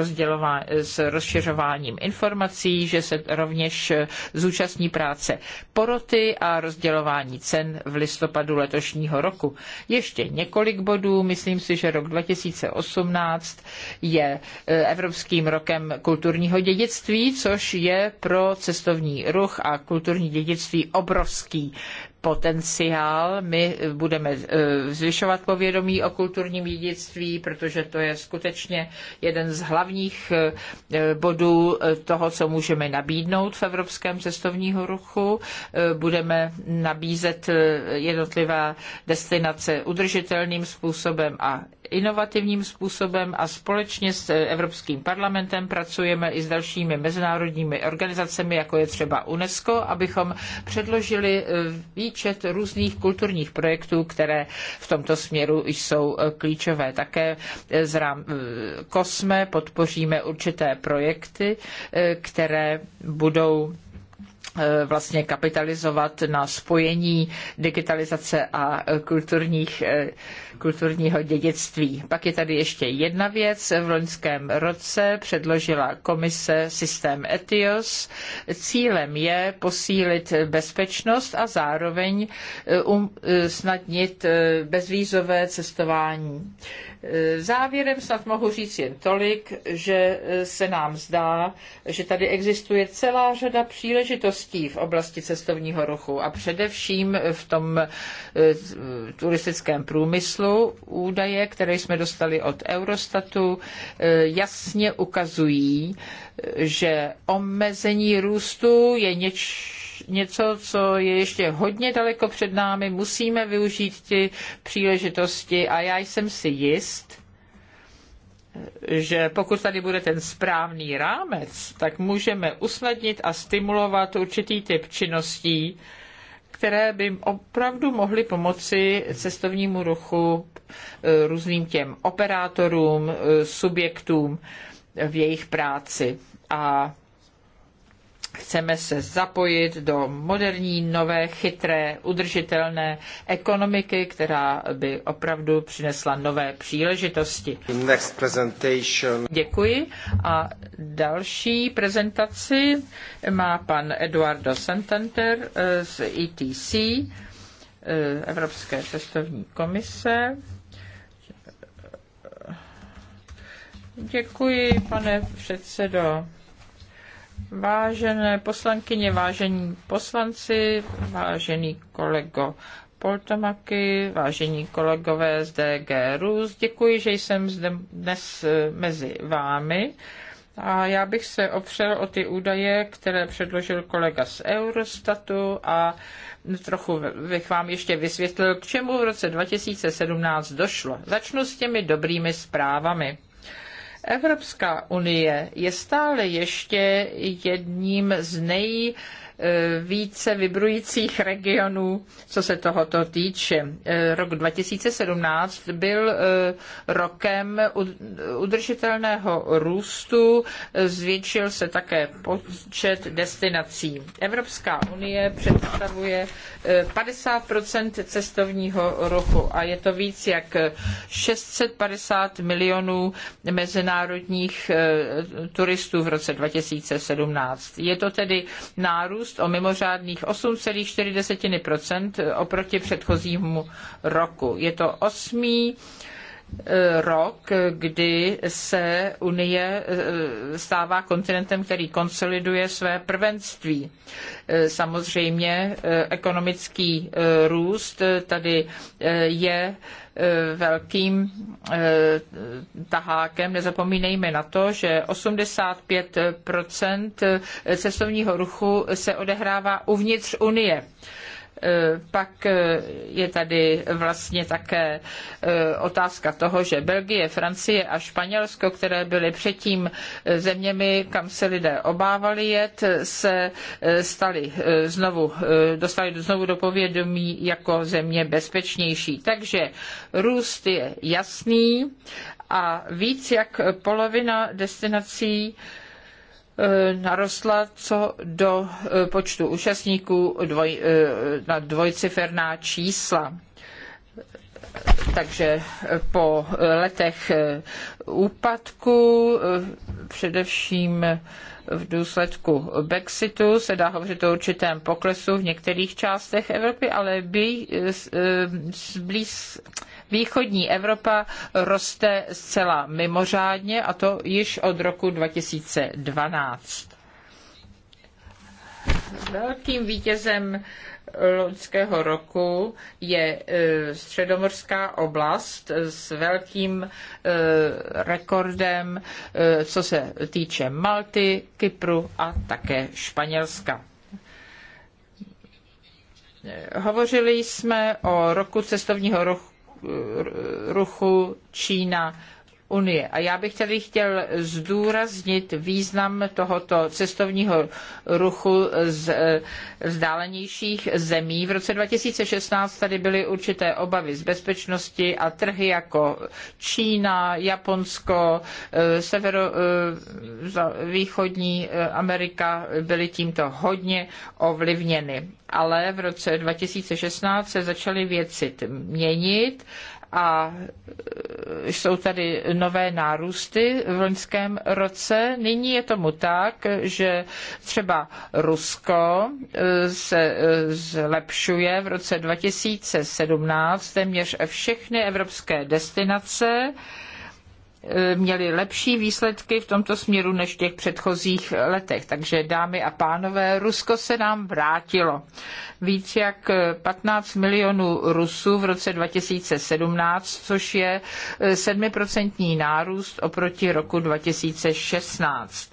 s rozšiřováním informací, že se rovněž zúčastní práce poroty a rozdělování cen v listopadu letošního roku. Ještě několik bodů, myslím si, že rok 2018 je e, Evropským rokem kulturního dědictví, což je pro cestovní ruch a kulturní dědictví obrovský potenciál. My eh, budeme eh, zvyšovat povědomí o kulturním dědictví, protože to je skutečně jeden z hlavních eh, bodů toho, co můžeme nabídnout v evropském cestovního ruchu. Budeme nabízet jednotlivá destinace udržitelným způsobem a inovativním způsobem a společně s Evropským parlamentem pracujeme i s dalšími mezinárodními organizacemi, jako je třeba UNESCO, abychom předložili víc výčet různých kulturních projektů, které v tomto směru jsou eh, klíčové. Také eh, z rám, eh, kosme podpoříme určité projekty, které budou Eh, vlastně kapitalizovat na spojení digitalizace a kulturních, eh, kulturního dědictví. Pak je tady ještě jedna věc. V loňském roce předložila komise systém ETIOS. Cílem je posílit bezpečnost a zároveň eh, um, snadnit bezvízové cestování Eh, závěrem snad mohu říct jen tolik, že eh, se nám zdá, že tady existuje celá řada příležitostí v oblasti cestovního ruchu a především v tom eh, turistickém průmyslu. Údaje, které jsme dostali od Eurostatu, jasně ukazují, že omezení růstu je něčím, něco, co je ještě hodně daleko před námi. Musíme využít ty příležitosti a já jsem si jist, že pokud tady bude ten správný rámec, tak můžeme usnadnit a stimulovat určitý typ činností, které by opravdu mohly pomoci cestovnímu ruchu eh, různým těm operátorům, eh, subjektům v jejich práci. A Chceme se zapojit do moderní, nové, chytré, udržitelné ekonomiky, která by opravdu přinesla nové příležitosti. Next presentation. Děkuji. A další prezentaci má pan Eduardo Santander eh, z ETC, eh, Evropské cestovní komise. Děkuji, pane předsedo. Vážené poslankyně, vážení poslanci, vážený kolego Poltomaky, vážení kolegové z DG Rus, děkuji, že jsem zde dnes eh, mezi vámi. A já bych se opřel o ty údaje, které předložil kolega z Eurostatu a trochu bych vám ještě vysvětlil, k čemu v roce 2017 došlo. Začnu s těmi dobrými zprávami. Evropská unie je stále ještě jedním z nej Eh, více vybrujících regionů, co se tohoto týče. Eh, rok 2017 byl eh, rokem udržitelného růstu, zvětšil se také počet destinací. Evropská unie představuje 50 cestovního ruchu a je to víc jak 650 milionů mezinárodních turistů v roce 2017. Je to tedy nárůst nárůst o mimořádných 8,4 oproti předchozímu roku. Je to osmý rok, kdy se Unie eh, stává kontinentem, který konsoliduje své prvenství. Eh, samozřejmě eh, ekonomický růst tady je velkým tahákem. Nezapomínejme na to, že 85 cestovního ruchu se odehrává uvnitř Unie. Eh, pak eh, je tady vlastně také eh, otázka toho, že Belgie, Francie a Španělsko, které byly předtím zeměmi, kam se lidé obávali jet, se stali znovu, dostali znovu do povědomí jako země bezpečnější. Takže růst je jasný a víc jak polovina destinací Eh, narostla co do eh, počtu účastníků dvoj, eh, na dvojciferná čísla. Takže po letech úpadku, především v důsledku Brexitu se dá hovořit o určitém poklesu v některých částech Evropy, ale by, e, blíz, východní Evropa roste zcela mimořádně a to již od roku 2012. Velkým vítězem loňského roku je e, středomorská oblast s velkým e, rekordem, e, co se týče Malty, Kypru a také Španělska. Hovořili jsme o roku cestovního ruchu Čína unie. A já bych tady chtěl zdůraznit význam tohoto cestovního ruchu z eh, vzdálenějších zemí. V roce 2016 tady byly určité obavy z bezpečnosti a trhy jako Čína, Japonsko, eh, severovýchodní eh, Amerika byly tímto hodně ovlivněny. Ale v roce 2016 se začaly věci měnit a e, jsou tady nové nárůsty v loňském roce. Nyní je tomu tak, že třeba Rusko e, se e, zlepšuje v roce 2017 téměř všechny evropské destinace měli lepší výsledky v tomto směru než v těch předchozích letech. Takže dámy a pánové, Rusko se nám vrátilo. Víc jak 15 milionů Rusů v roce 2017, což je 7% nárůst oproti roku 2016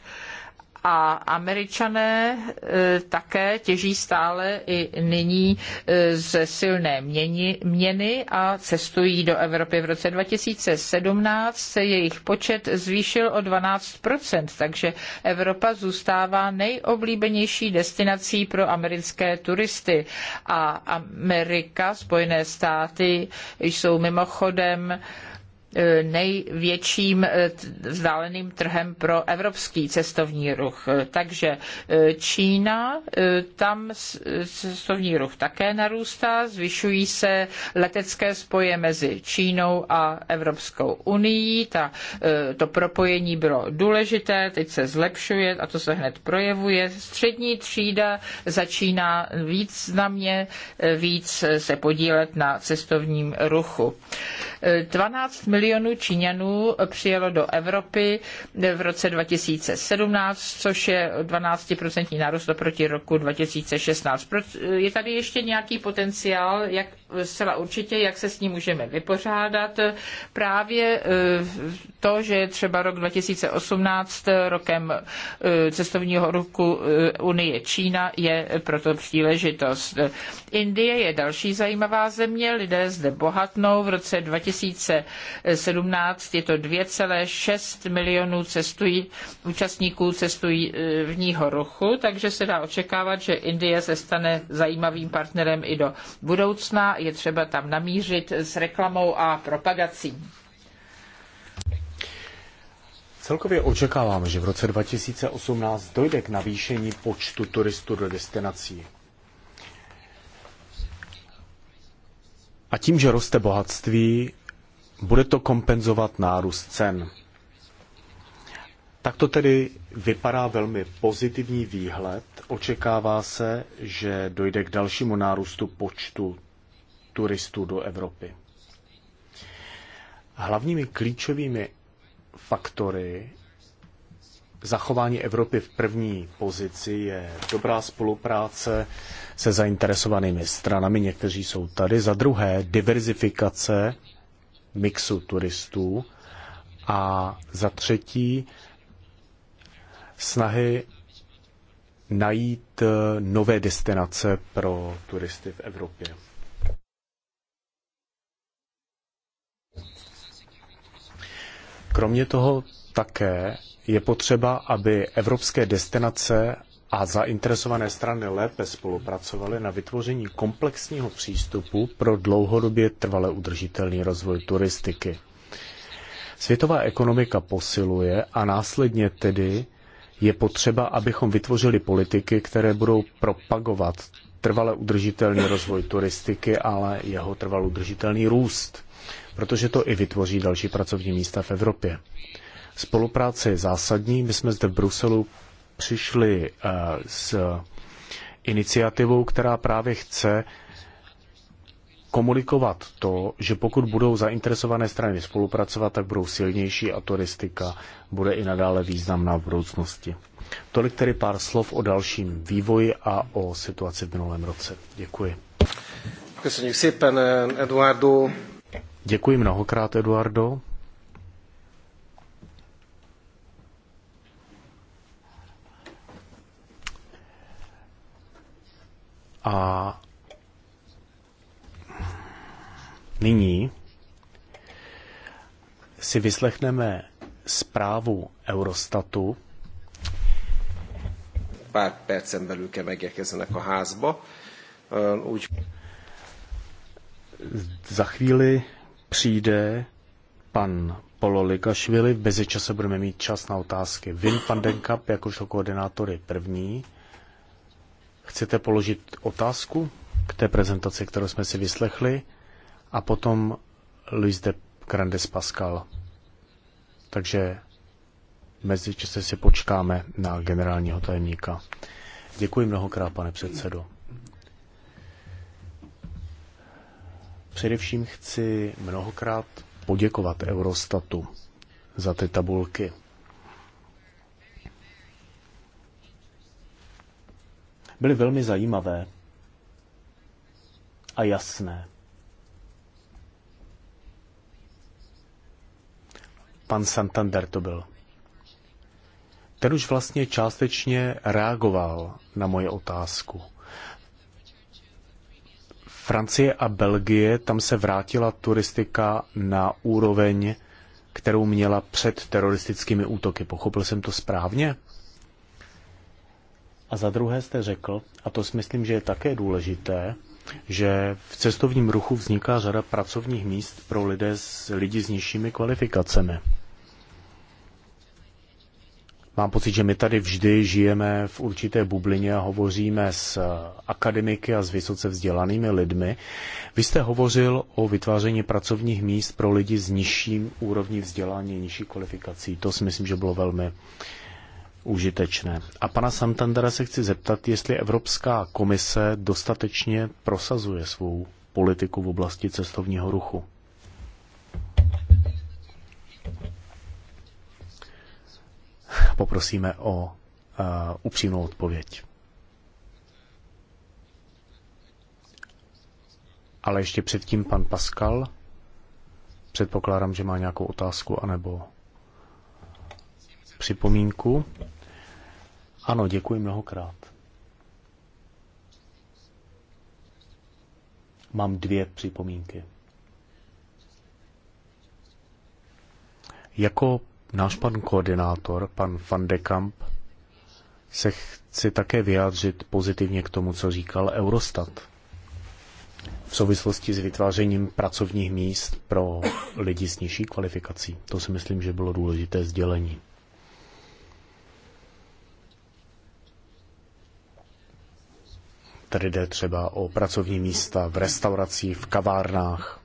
a američané eh, také těží stále i nyní eh, ze silné měny, měny a cestují do Evropy. V roce 2017 se jejich počet zvýšil o 12%, takže Evropa zůstává nejoblíbenější destinací pro americké turisty. A Amerika, Spojené státy jsou mimochodem E, největším e, vzdáleným trhem pro evropský cestovní ruch. E, takže Čína, tam cestovní ruch také narůstá, zvyšují se letecké spoje mezi Čínou a Evropskou unii. Ta, to propojení bylo důležité, teď se zlepšuje a to se hned projevuje. Střední třída začíná významně víc se podílet na cestovním ruchu. 12 milionů Číňanů přijelo do Evropy v roce 2017, což je 12% nárůst oproti roku 2016. Je tady ještě nějaký potenciál, jak zcela určitě, jak se s ní můžeme vypořádat. Právě eh, to, že je třeba rok 2018 rokem eh, cestovního roku eh, Unie Čína, je proto příležitost. Indie je další zajímavá země, lidé zde bohatnou. V roce 2017 je to 2,6 milionů cestují, účastníků cestují v ního ruchu, takže se dá očekávat, že Indie se stane zajímavým partnerem i do budoucna je třeba tam namířit s reklamou a propagací. Celkově očekáváme, že v roce 2018 dojde k navýšení počtu turistů do destinací. A tím, že roste bohatství, bude to kompenzovat nárůst cen. Tak to tedy vypadá velmi pozitivní výhled. Očekává se, že dojde k dalšímu nárůstu počtu turistů do Evropy. Hlavními klíčovými faktory zachování Evropy v první pozici je dobrá spolupráce se zainteresovanými stranami, někteří jsou tady. Za druhé, diverzifikace mixu turistů. A za třetí, snahy najít nové destinace pro turisty v Evropě. Kromě toho také je potřeba, aby evropské destinace a zainteresované strany lépe spolupracovaly na vytvoření komplexního přístupu pro dlouhodobě trvale udržitelný rozvoj turistiky. Světová ekonomika posiluje a následně tedy je potřeba, abychom vytvořili politiky, které budou propagovat trvale udržitelný rozvoj turistiky, ale jeho trvale udržitelný růst protože to i vytvoří další pracovní místa v Evropě. Spolupráce je zásadní. My jsme zde v Bruselu přišli eh, s iniciativou, která právě chce komunikovat to, že pokud budou zainteresované strany spolupracovat, tak budou silnější a turistika bude i nadále významná v budoucnosti. Tolik tedy pár slov o dalším vývoji a o situaci v minulém roce. Děkuji. Köszönjük szépen, Eduardo. Děkuji mnohokrát, Eduardo. A nyní si vyslechneme zprávu Eurostatu. Pár percem belül kell megérkezzenek a házba. Úgy... Za chvíli přijde pan Likašvili. V mezičase budeme mít čas na otázky. Vin Pandenkap, jakožto koordinátor, je první. Chcete položit otázku k té prezentaci, kterou jsme si vyslechli? A potom Luis de Grandes Pascal. Takže mezičase si počkáme na generálního tajemníka. Děkuji mnohokrát, pane předsedo. Především chci mnohokrát poděkovat Eurostatu za ty tabulky. Byly velmi zajímavé a jasné. Pan Santander to byl. Ten už vlastně částečně reagoval na moje otázku. Francie a Belgie, tam se vrátila turistika na úroveň, kterou měla před teroristickými útoky. Pochopil jsem to správně? A za druhé jste řekl, a to si myslím, že je také důležité, že v cestovním ruchu vzniká řada pracovních míst pro lidé s, lidi s nižšími kvalifikacemi. Mám pocit, že my tady vždy žijeme v určité bublině a hovoříme s eh, akademiky a s vysoce vzdělanými lidmi. Vy jste hovořil o vytváření pracovních míst pro lidi s nižším úrovní vzdělání, nižší kvalifikací. To si myslím, že bylo velmi užitečné. A pana Santandera se chci zeptat, jestli Evropská komise dostatečně prosazuje svou politiku v oblasti cestovního ruchu poprosíme o eh, upřímnou odpověď. Ale ještě předtím pan Pascal. Předpokládám, že má nějakou otázku anebo připomínku. Ano, děkuji mnohokrát. Mám dvě připomínky. Jako Náš pan koordinátor, pan Van de Kamp, se chci také vyjádřit pozitivně k tomu, co říkal Eurostat. V souvislosti s vytvářením pracovních míst pro lidi s nižší kvalifikací. To si myslím, že bylo důležité sdělení. Tady jde třeba o pracovní místa v restauracích, v kavárnách,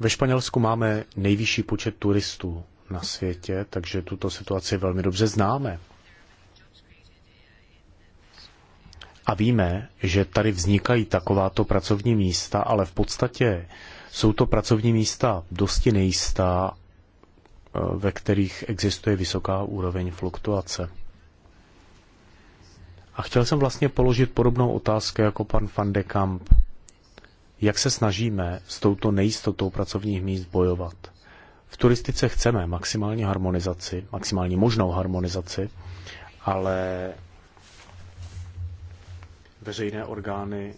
ve Španělsku máme nejvyšší počet turistů na světě, takže tuto situaci velmi dobře známe. A víme, že tady vznikají takováto pracovní místa, ale v podstatě jsou to pracovní místa dosti nejistá, eh, ve kterých existuje vysoká úroveň fluktuace. A chtěl jsem vlastně položit podobnou otázku jako pan van de Kamp jak se snažíme s touto nejistotou pracovních míst bojovat. V turistice chceme maximální harmonizaci, maximální možnou harmonizaci, ale veřejné orgány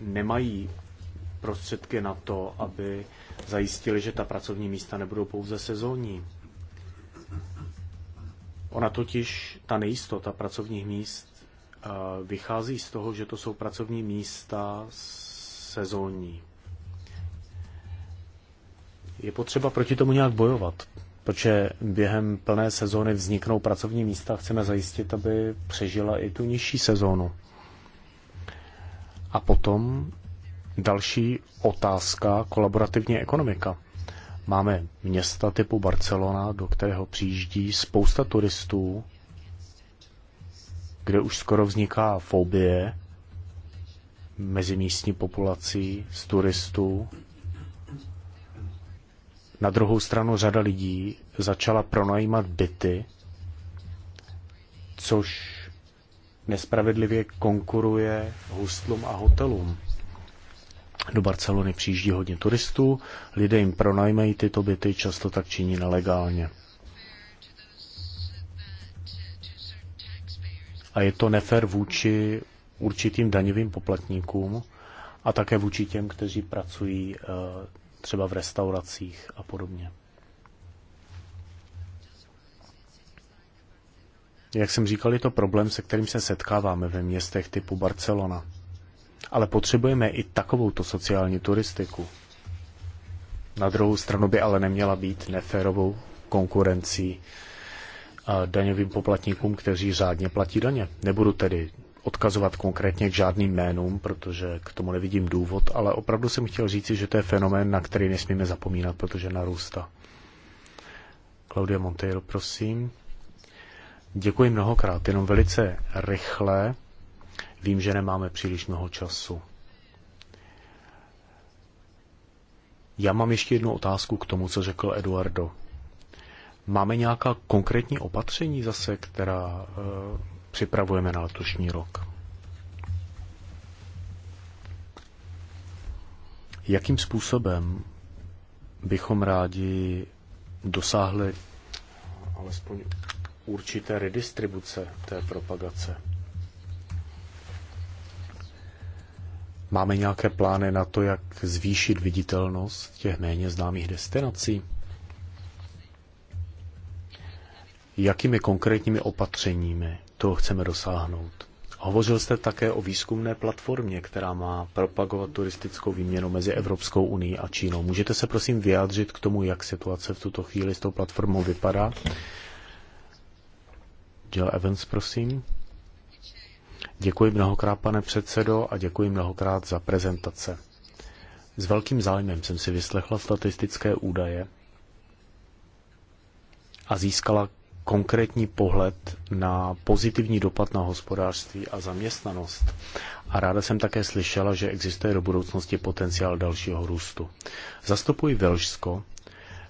nemají prostředky na to, aby zajistili, že ta pracovní místa nebudou pouze sezónní. Ona totiž, ta nejistota pracovních míst, eh, vychází z toho, že to jsou pracovní místa s sezónní. Je potřeba proti tomu nějak bojovat, protože během plné sezóny vzniknou pracovní místa, chceme zajistit, aby přežila i tu nižší sezónu. A potom další otázka, kolaborativní ekonomika. Máme města typu Barcelona, do kterého přijíždí spousta turistů, kde už skoro vzniká fobie, mezi místní populací, z turistů. Na druhou stranu řada lidí začala pronajímat byty, což nespravedlivě konkuruje hostlům a hotelům. Do Barcelony přijíždí hodně turistů, lidé jim pronajmejí tyto byty, často tak činí nelegálně. A je to nefér vůči určitým daňovým poplatníkům a také vůči těm, kteří pracují eh, třeba v restauracích a podobně. Jak jsem říkal, je to problém, se kterým se setkáváme ve městech typu Barcelona. Ale potřebujeme i takovouto sociální turistiku. Na druhou stranu by ale neměla být neférovou konkurencí eh, daňovým poplatníkům, kteří řádně platí daně. Nebudu tedy odkazovat konkrétně k žádným jménům, protože k tomu nevidím důvod, ale opravdu jsem chtěl říci, že to je fenomén, na který nesmíme zapomínat, protože narůstá. Claudia Monteiro, prosím. Děkuji mnohokrát, jenom velice rychle. Vím, že nemáme příliš mnoho času. Já mám ještě jednu otázku k tomu, co řekl Eduardo. Máme nějaká konkrétní opatření zase, která eh, připravujeme na letošní rok. Jakým způsobem bychom rádi dosáhli alespoň určité redistribuce té propagace? Máme nějaké plány na to, jak zvýšit viditelnost těch méně známých destinací? Jakými konkrétními opatřeními toho chceme dosáhnout. Hovořil jste také o výzkumné platformě, která má propagovat turistickou výměnu mezi Evropskou unii a Čínou. Můžete se prosím vyjádřit k tomu, jak situace v tuto chvíli s tou platformou vypadá? Jill Evans, prosím. Děkuji mnohokrát, pane předsedo, a děkuji mnohokrát za prezentace. S velkým zájmem jsem si vyslechla statistické údaje a získala konkrétní pohled na pozitivní dopad na hospodářství a zaměstnanost. A ráda jsem také slyšela, že existuje do budoucnosti potenciál dalšího růstu. Zastupuji Velšsko,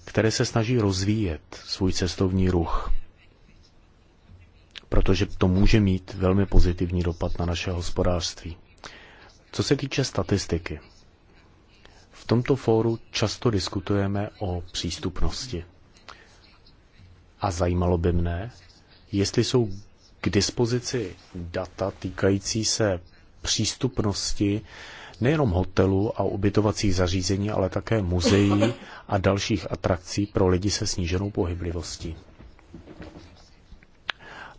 které se snaží rozvíjet svůj cestovní ruch, protože to může mít velmi pozitivní dopad na naše hospodářství. Co se týče statistiky, v tomto fóru často diskutujeme o přístupnosti. A zajímalo by mne, jestli jsou k dispozici data týkající se přístupnosti nejenom hotelů a ubytovacích zařízení, ale také muzeí a dalších atrakcí pro lidi se sníženou pohyblivostí.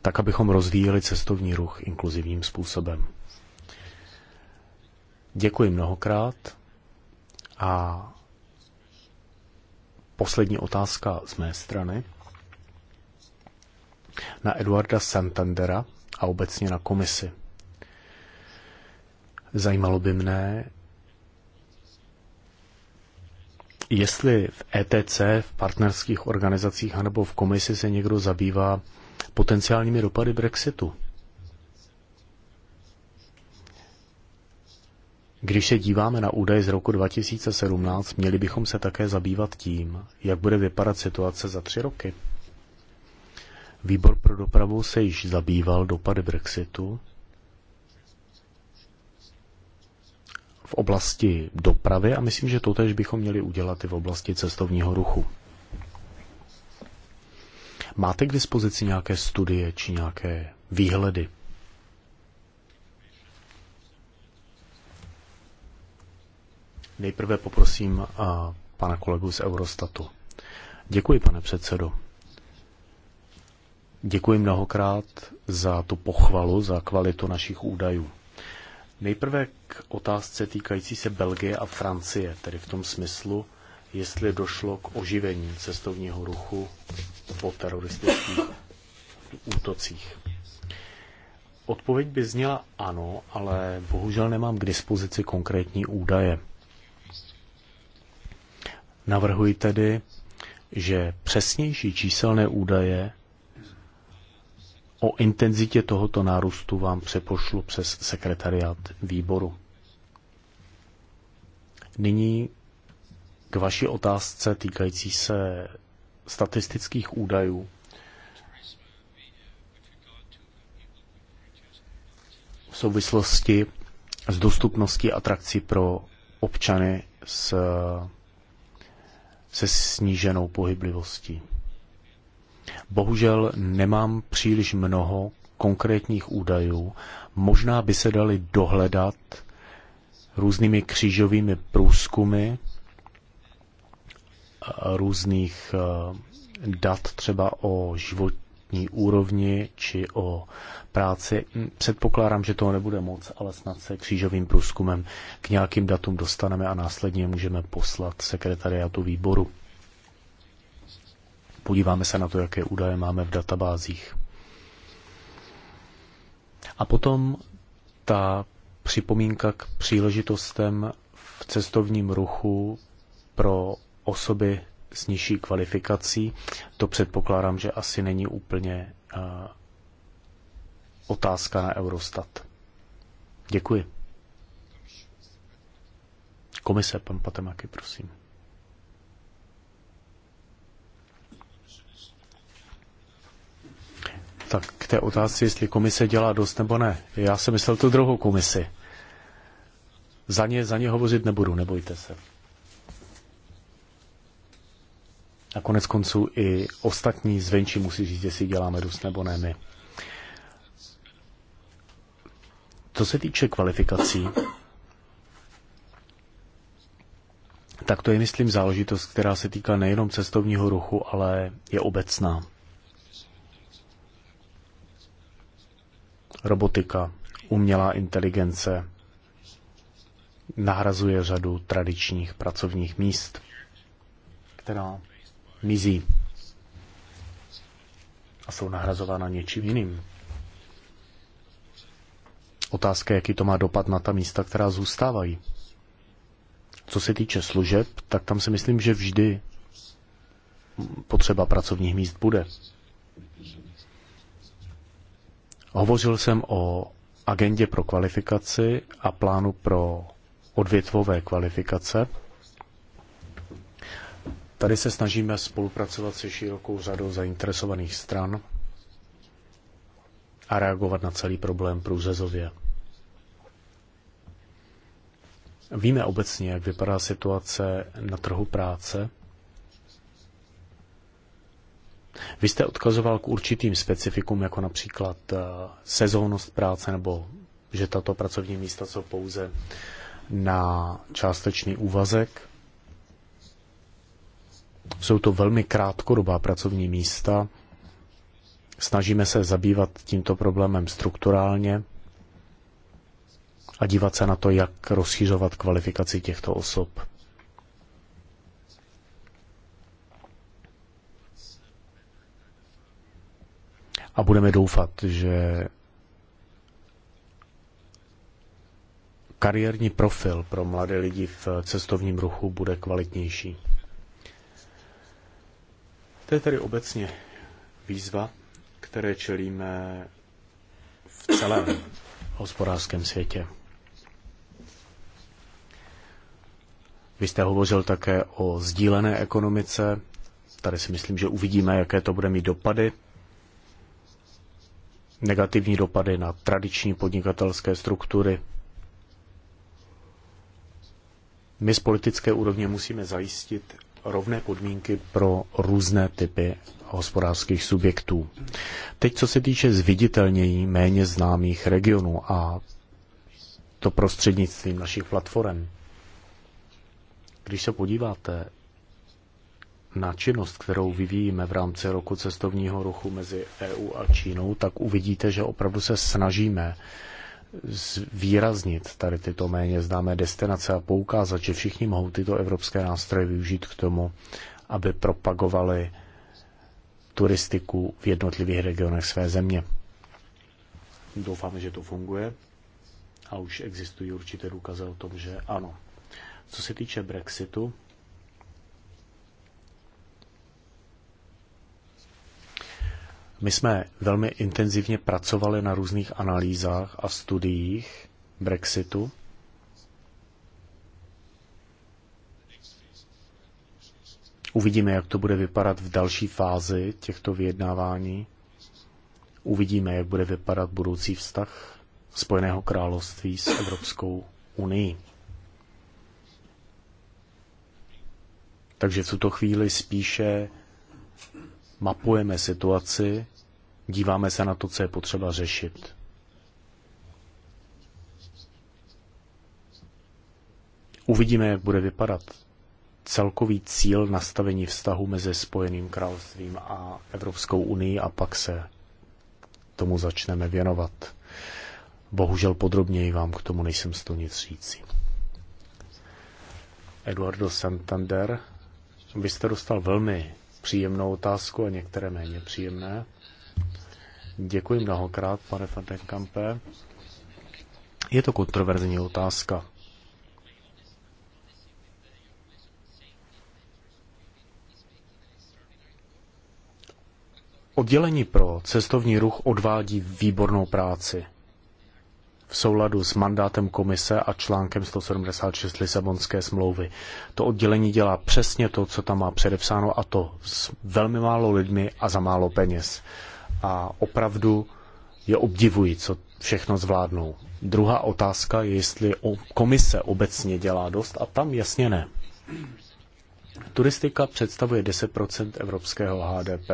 Tak, abychom rozvíjeli cestovní ruch inkluzivním způsobem. Děkuji mnohokrát a poslední otázka z mé strany na Eduarda Santandera a obecně na komisi. Zajímalo by mne, jestli v ETC, v partnerských organizacích nebo v komisi se někdo zabývá potenciálními dopady Brexitu. Když se díváme na údaje z roku 2017, měli bychom se také zabývat tím, jak bude vypadat situace za tři roky. Výbor pro dopravu se již zabýval dopady Brexitu v oblasti dopravy a myslím, že to tež bychom měli udělat i v oblasti cestovního ruchu. Máte k dispozici nějaké studie či nějaké výhledy? Nejprve poprosím a pana kolegu z Eurostatu. Děkuji, pane předsedo. Děkuji mnohokrát za tu pochvalu, za kvalitu našich údajů. Nejprve k otázce týkající se Belgie a Francie, tedy v tom smyslu, jestli došlo k oživení cestovního ruchu po teroristických útocích. Odpověď by zněla ano, ale bohužel nemám k dispozici konkrétní údaje. Navrhuji tedy, že přesnější číselné údaje O intenzitě tohoto nárůstu vám přepošlu přes sekretariát výboru. Nyní k vaší otázce týkající se statistických údajů. V souvislosti s dostupností atrakcí pro občany s, se sníženou pohyblivostí. Bohužel nemám příliš mnoho konkrétních údajů. Možná by se dali dohledat různými křížovými průzkumy různých eh, dat třeba o životní úrovni či o práci. Předpokládám, že toho nebude moc, ale snad se křížovým průzkumem k nějakým datům dostaneme a následně můžeme poslat sekretariátu výboru podíváme se na to, jaké údaje máme v databázích. A potom ta připomínka k příležitostem v cestovním ruchu pro osoby s nižší kvalifikací. To předpokládám, že asi není úplně uh, otázka na Eurostat. Děkuji. Komise, pan Patemaky, prosím. Tak k té otázce, jestli komise dělá dost nebo ne. Já jsem myslel tu druhou komisi. Za ně, za ně hovořit nebudu, nebojte se. A konec konců i ostatní zvenčí musí říct, jestli děláme dost nebo ne my. Co se týče kvalifikací, tak to je, myslím, záležitost, která se týká nejenom cestovního ruchu, ale je obecná. robotika, umělá inteligence nahrazuje řadu tradičních pracovních míst, která mizí a jsou nahrazována něčím jiným. Otázka, jaký to má dopad na ta místa, která zůstávají. Co se týče služeb, tak tam si myslím, že vždy potřeba pracovních míst bude. Hovořil jsem o agendě pro kvalifikaci a plánu pro odvětvové kvalifikace. Tady se snažíme spolupracovat se širokou řadou zainteresovaných stran a reagovat na celý problém průřezově. Víme obecně, jak vypadá situace na trhu práce vy jste odkazoval k určitým specifikům, jako například eh, sezónnost práce, nebo že tato pracovní místa jsou pouze na částečný úvazek. Jsou to velmi krátkodobá pracovní místa. Snažíme se zabývat tímto problémem strukturálně a dívat se na to, jak rozšířovat kvalifikaci těchto osob. a budeme doufat, že kariérní profil pro mladé lidi v cestovním ruchu bude kvalitnější. To je tedy obecně výzva, které čelíme v celém hospodářském světě. Vy jste hovořil také o sdílené ekonomice. Tady si myslím, že uvidíme, jaké to bude mít dopady negativní dopady na tradiční podnikatelské struktury. My z politické úrovně musíme zajistit rovné podmínky pro různé typy hospodářských subjektů. Teď, co se týče zviditelnění méně známých regionů a to prostřednictvím našich platform. Když se podíváte na činnost, kterou vyvíjíme v rámci roku cestovního ruchu mezi EU a Čínou, tak uvidíte, že opravdu se snažíme zvýraznit tady tyto méně známé destinace a poukázat, že všichni mohou tyto evropské nástroje využít k tomu, aby propagovali turistiku v jednotlivých regionech své země. Doufám, že to funguje a už existují určité důkazy o tom, že ano. Co se týče Brexitu, My jsme velmi intenzivně pracovali na různých analýzách a studiích Brexitu. Uvidíme, jak to bude vypadat v další fázi těchto vyjednávání. Uvidíme, jak bude vypadat budoucí vztah Spojeného království s Evropskou unii. Takže v tuto chvíli spíše mapujeme situaci, díváme se na to, co je potřeba řešit. Uvidíme, jak bude vypadat celkový cíl nastavení vztahu mezi Spojeným královstvím a Evropskou unii a pak se tomu začneme věnovat. Bohužel podrobněji vám k tomu nejsem s to nic říci. Eduardo Santander, vy jste dostal velmi příjemnou otázku a některé méně příjemné. Děkuji mnohokrát, pane Fantenkampe. Je to kontroverzní otázka. Oddělení pro cestovní ruch odvádí výbornou práci v souladu s mandátem komise a článkem 176 Lisabonské smlouvy. To oddělení dělá přesně to, co tam má předepsáno, a to s velmi málo lidmi a za málo peněz. A opravdu je obdivují, co všechno zvládnou. Druhá otázka je, jestli komise obecně dělá dost, a tam jasně ne. Turistika představuje 10 evropského HDP.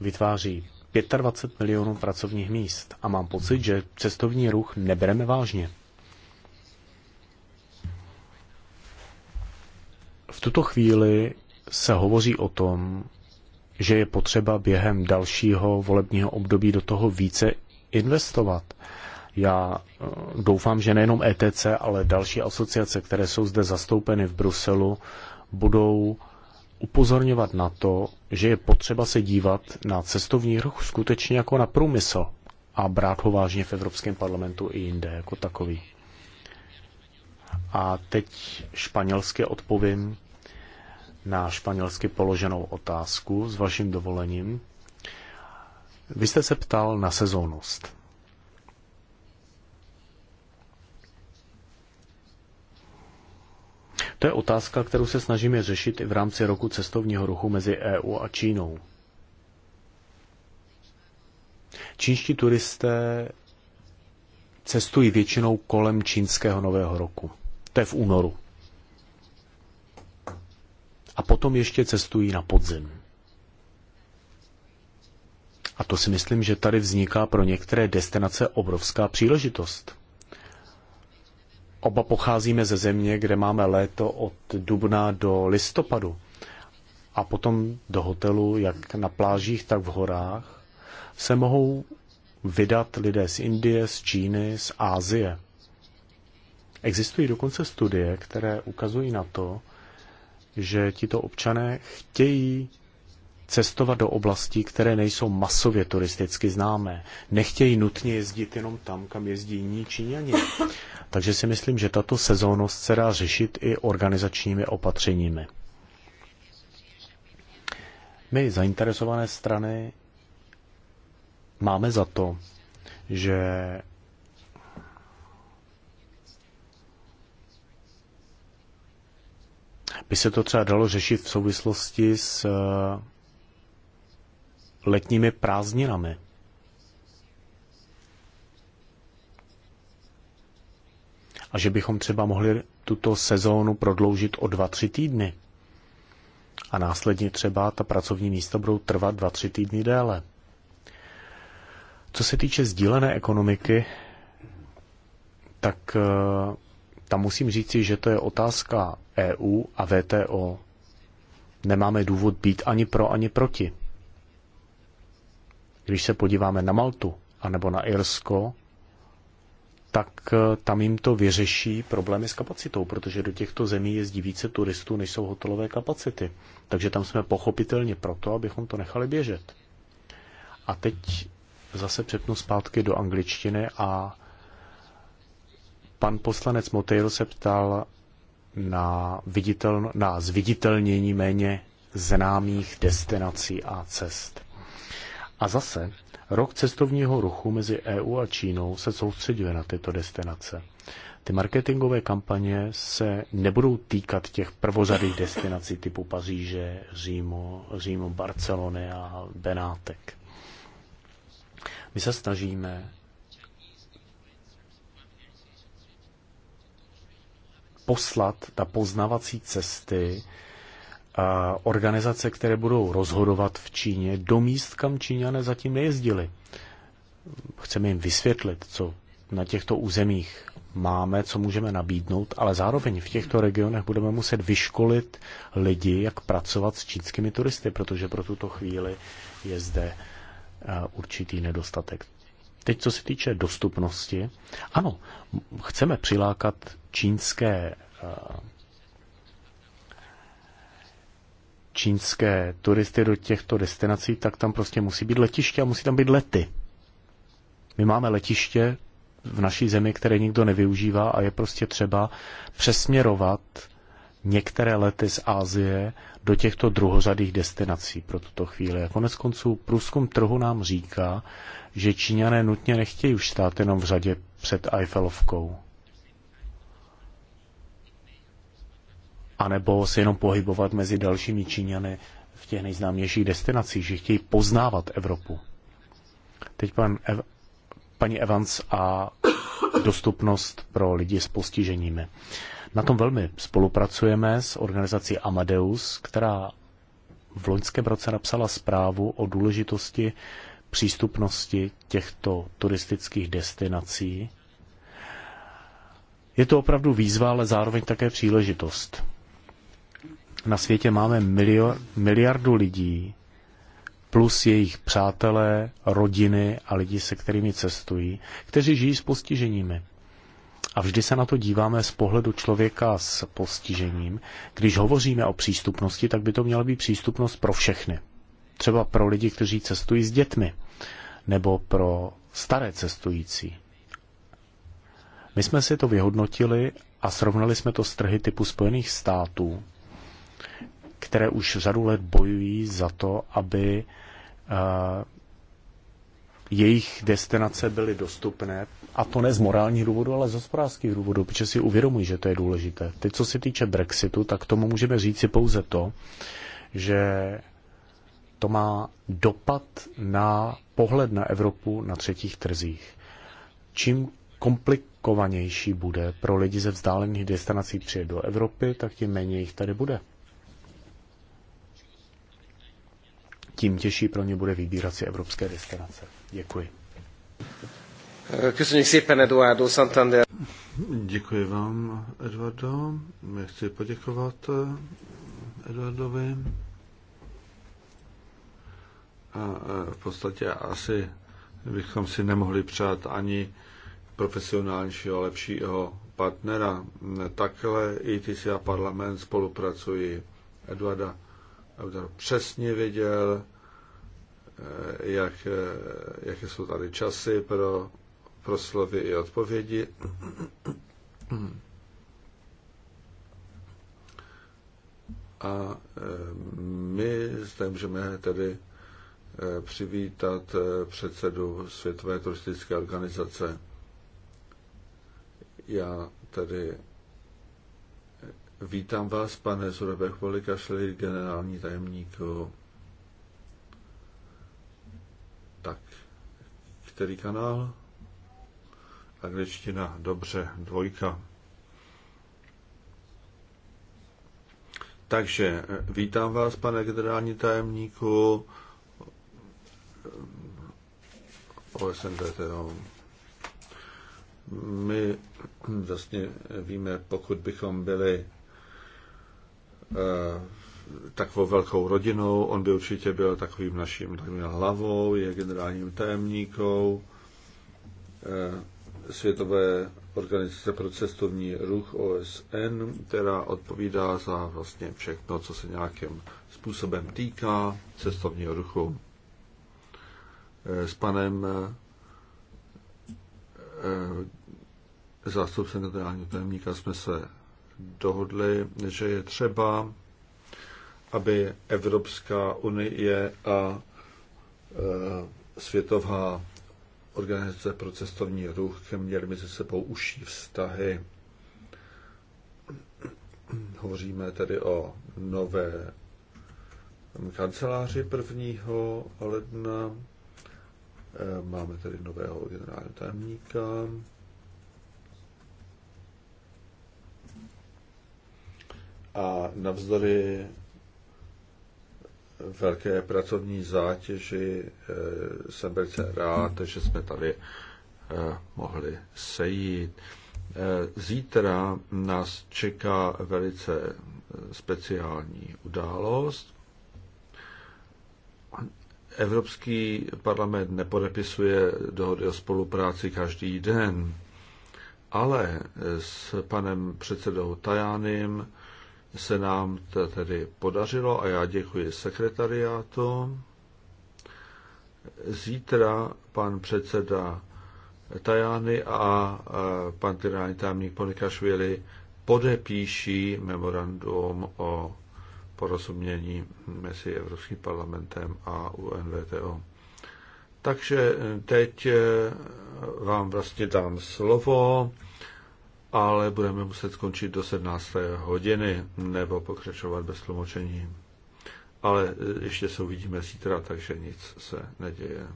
Vytváří 25 milionů pracovních míst a mám pocit, že cestovní ruch nebereme vážně. V tuto chvíli se hovoří o tom, že je potřeba během dalšího volebního období do toho více investovat. Já eh, doufám, že nejenom ETC, ale další asociace, které jsou zde zastoupeny v Bruselu, budou upozorňovat na to, že je potřeba se dívat na cestovní ruch skutečně jako na průmysl a brát ho vážně v Evropském parlamentu i jinde jako takový. A teď španělsky odpovím na španělsky položenou otázku s vaším dovolením. Vy jste se ptal na sezónnost. To je otázka, kterou se snažíme řešit i v rámci roku cestovního ruchu mezi EU a Čínou. Čínští turisté cestují většinou kolem čínského nového roku. To je v únoru. A potom ještě cestují na podzim. A to si myslím, že tady vzniká pro některé destinace obrovská příležitost. Oba pocházíme ze země, kde máme léto od dubna do listopadu. A potom do hotelu, jak na plážích, tak v horách, se mohou vydat lidé z Indie, z Číny, z Ázie. Existují dokonce studie, které ukazují na to, že tito občané chtějí cestovat do oblastí, které nejsou masově turisticky známé. Nechtějí nutně jezdit jenom tam, kam jezdí jiní Číňani. Takže si myslím, že tato sezónnost se dá řešit i organizačními opatřeními. My, zainteresované strany, máme za to, že by se to třeba dalo řešit v souvislosti s eh, letními prázdninami. A že bychom třeba mohli tuto sezónu prodloužit o dva, tři týdny. A následně třeba ta pracovní místa budou trvat dva, tři týdny déle. Co se týče sdílené ekonomiky, tak eh, tam musím říci, že to je otázka EU a VTO. Nemáme důvod být ani pro, ani proti. Když se podíváme na Maltu anebo na Irsko, tak eh, tam jim to vyřeší problémy s kapacitou, protože do těchto zemí jezdí více turistů, než jsou hotelové kapacity. Takže tam jsme pochopitelně proto, abychom to nechali běžet. A teď zase přepnu zpátky do angličtiny a pan poslanec Motejl se ptal na, viditel, na zviditelnění méně známých destinací a cest. A zase, rok cestovního ruchu mezi EU a Čínou se soustředuje na tyto destinace. Ty marketingové kampaně se nebudou týkat těch prvořadých destinací typu Paříže, římo římo Barcelony a Benátek. My se snažíme poslat na poznávací cesty organizace, které budou rozhodovat v Číně do míst, kam Číňané zatím nejezdili. Chceme jim vysvětlit, co na těchto územích máme, co můžeme nabídnout, ale zároveň v těchto regionech budeme muset vyškolit lidi, jak pracovat s čínskými turisty, protože pro tuto chvíli je zde eh, určitý nedostatek. Teď, co se týče dostupnosti, ano, chceme přilákat čínské eh, čínské turisty do těchto destinací, tak tam prostě musí být letiště a musí tam být lety. My máme letiště v naší zemi, které nikdo nevyužívá a je prostě třeba přesměrovat některé lety z Ázie do těchto druhořadých destinací pro tuto chvíli. A konec konců průzkum trhu nám říká, že Číňané nutně nechtějí už stát jenom v řadě před Eiffelovkou. anebo se jenom pohybovat mezi dalšími Číňany v těch nejznámějších destinacích, že chtějí poznávat Evropu. Teď pan Ev- paní Evans a dostupnost pro lidi s postiženími. Na tom velmi spolupracujeme s organizací Amadeus, která v loňském roce napsala zprávu o důležitosti přístupnosti těchto turistických destinací. Je to opravdu výzva, ale zároveň také příležitost. Na světě máme miliardu lidí, plus jejich přátelé, rodiny a lidi, se kterými cestují, kteří žijí s postiženími. A vždy se na to díváme z pohledu člověka s postižením. Když hovoříme o přístupnosti, tak by to měla být přístupnost pro všechny. Třeba pro lidi, kteří cestují s dětmi, nebo pro staré cestující. My jsme si to vyhodnotili a srovnali jsme to s trhy typu Spojených států, které už řadu let bojují za to, aby eh, jejich destinace byly dostupné, a to ne z morálních důvodů, ale z hospodářských důvodů, protože si uvědomují, že to je důležité. Teď, co se týče Brexitu, tak tomu můžeme říci pouze to, že to má dopad na pohled na Evropu na třetích trzích. Čím komplikovanější bude pro lidi ze vzdálených destinací přijet do Evropy, tak tím méně jich tady bude. tím těžší pro ně bude vybírat si evropské destinace. Děkuji. Köszönjük szépen, Eduardo Santander. Děkuji vám, Eduardo. My chci poděkovat eh, Eduardovi. A eh, v podstatě asi bychom si nemohli přát ani profesionálnějšího, lepšího partnera. Takhle ITC a parlament spolupracují. Eduarda autor přesně věděl, eh, jak, eh, jaké jsou tady časy pro proslovy i odpovědi. A eh, my zde můžeme tedy přivítat předsedu Světové turistické organizace. Já tedy Vítám vás, pane Zurebech Volikašli, generální tajemníku. Tak, který kanál? Angličtina, dobře, dvojka. Takže vítám vás, pane generální tajemníku OSNDTO. My vlastně víme, pokud bychom byli Eh, takovou velkou rodinou. On by určitě byl takovým naším takovým hlavou, je generálním tajemníkou eh, Světové organizace pro cestovní ruch OSN, která odpovídá za vlastně všechno, co se nějakým způsobem týká cestovního ruchu. Eh, s panem zástupcem generálního tajemníka jsme se dohodli, že je třeba, aby Evropská unie a e, Světová organizace pro cestovní ruch měly mezi sebou užší vztahy. Hovoříme tedy o nové kanceláři 1. ledna. E, máme tedy nového generálního tajemníka. a navzdory velké pracovní zátěži eh, jsem velice rád, že jsme tady eh, mohli sejít. Eh, zítra nás čeká velice speciální událost. Evropský parlament nepodepisuje dohody o spolupráci každý den, ale s panem předsedou Tajánem se nám to tedy podařilo a já děkuji sekretariátu. Zítra pan předseda Tajány a pan generální tajemník Polikašvili podepíší memorandum o porozumění mezi Evropským parlamentem a UNVTO. Takže teď vám vlastně dám slovo ale budeme muset skončit do 17. hodiny nebo pokračovat bez tlumočení. Ale e, ještě se uvidíme zítra, takže nic se neděje.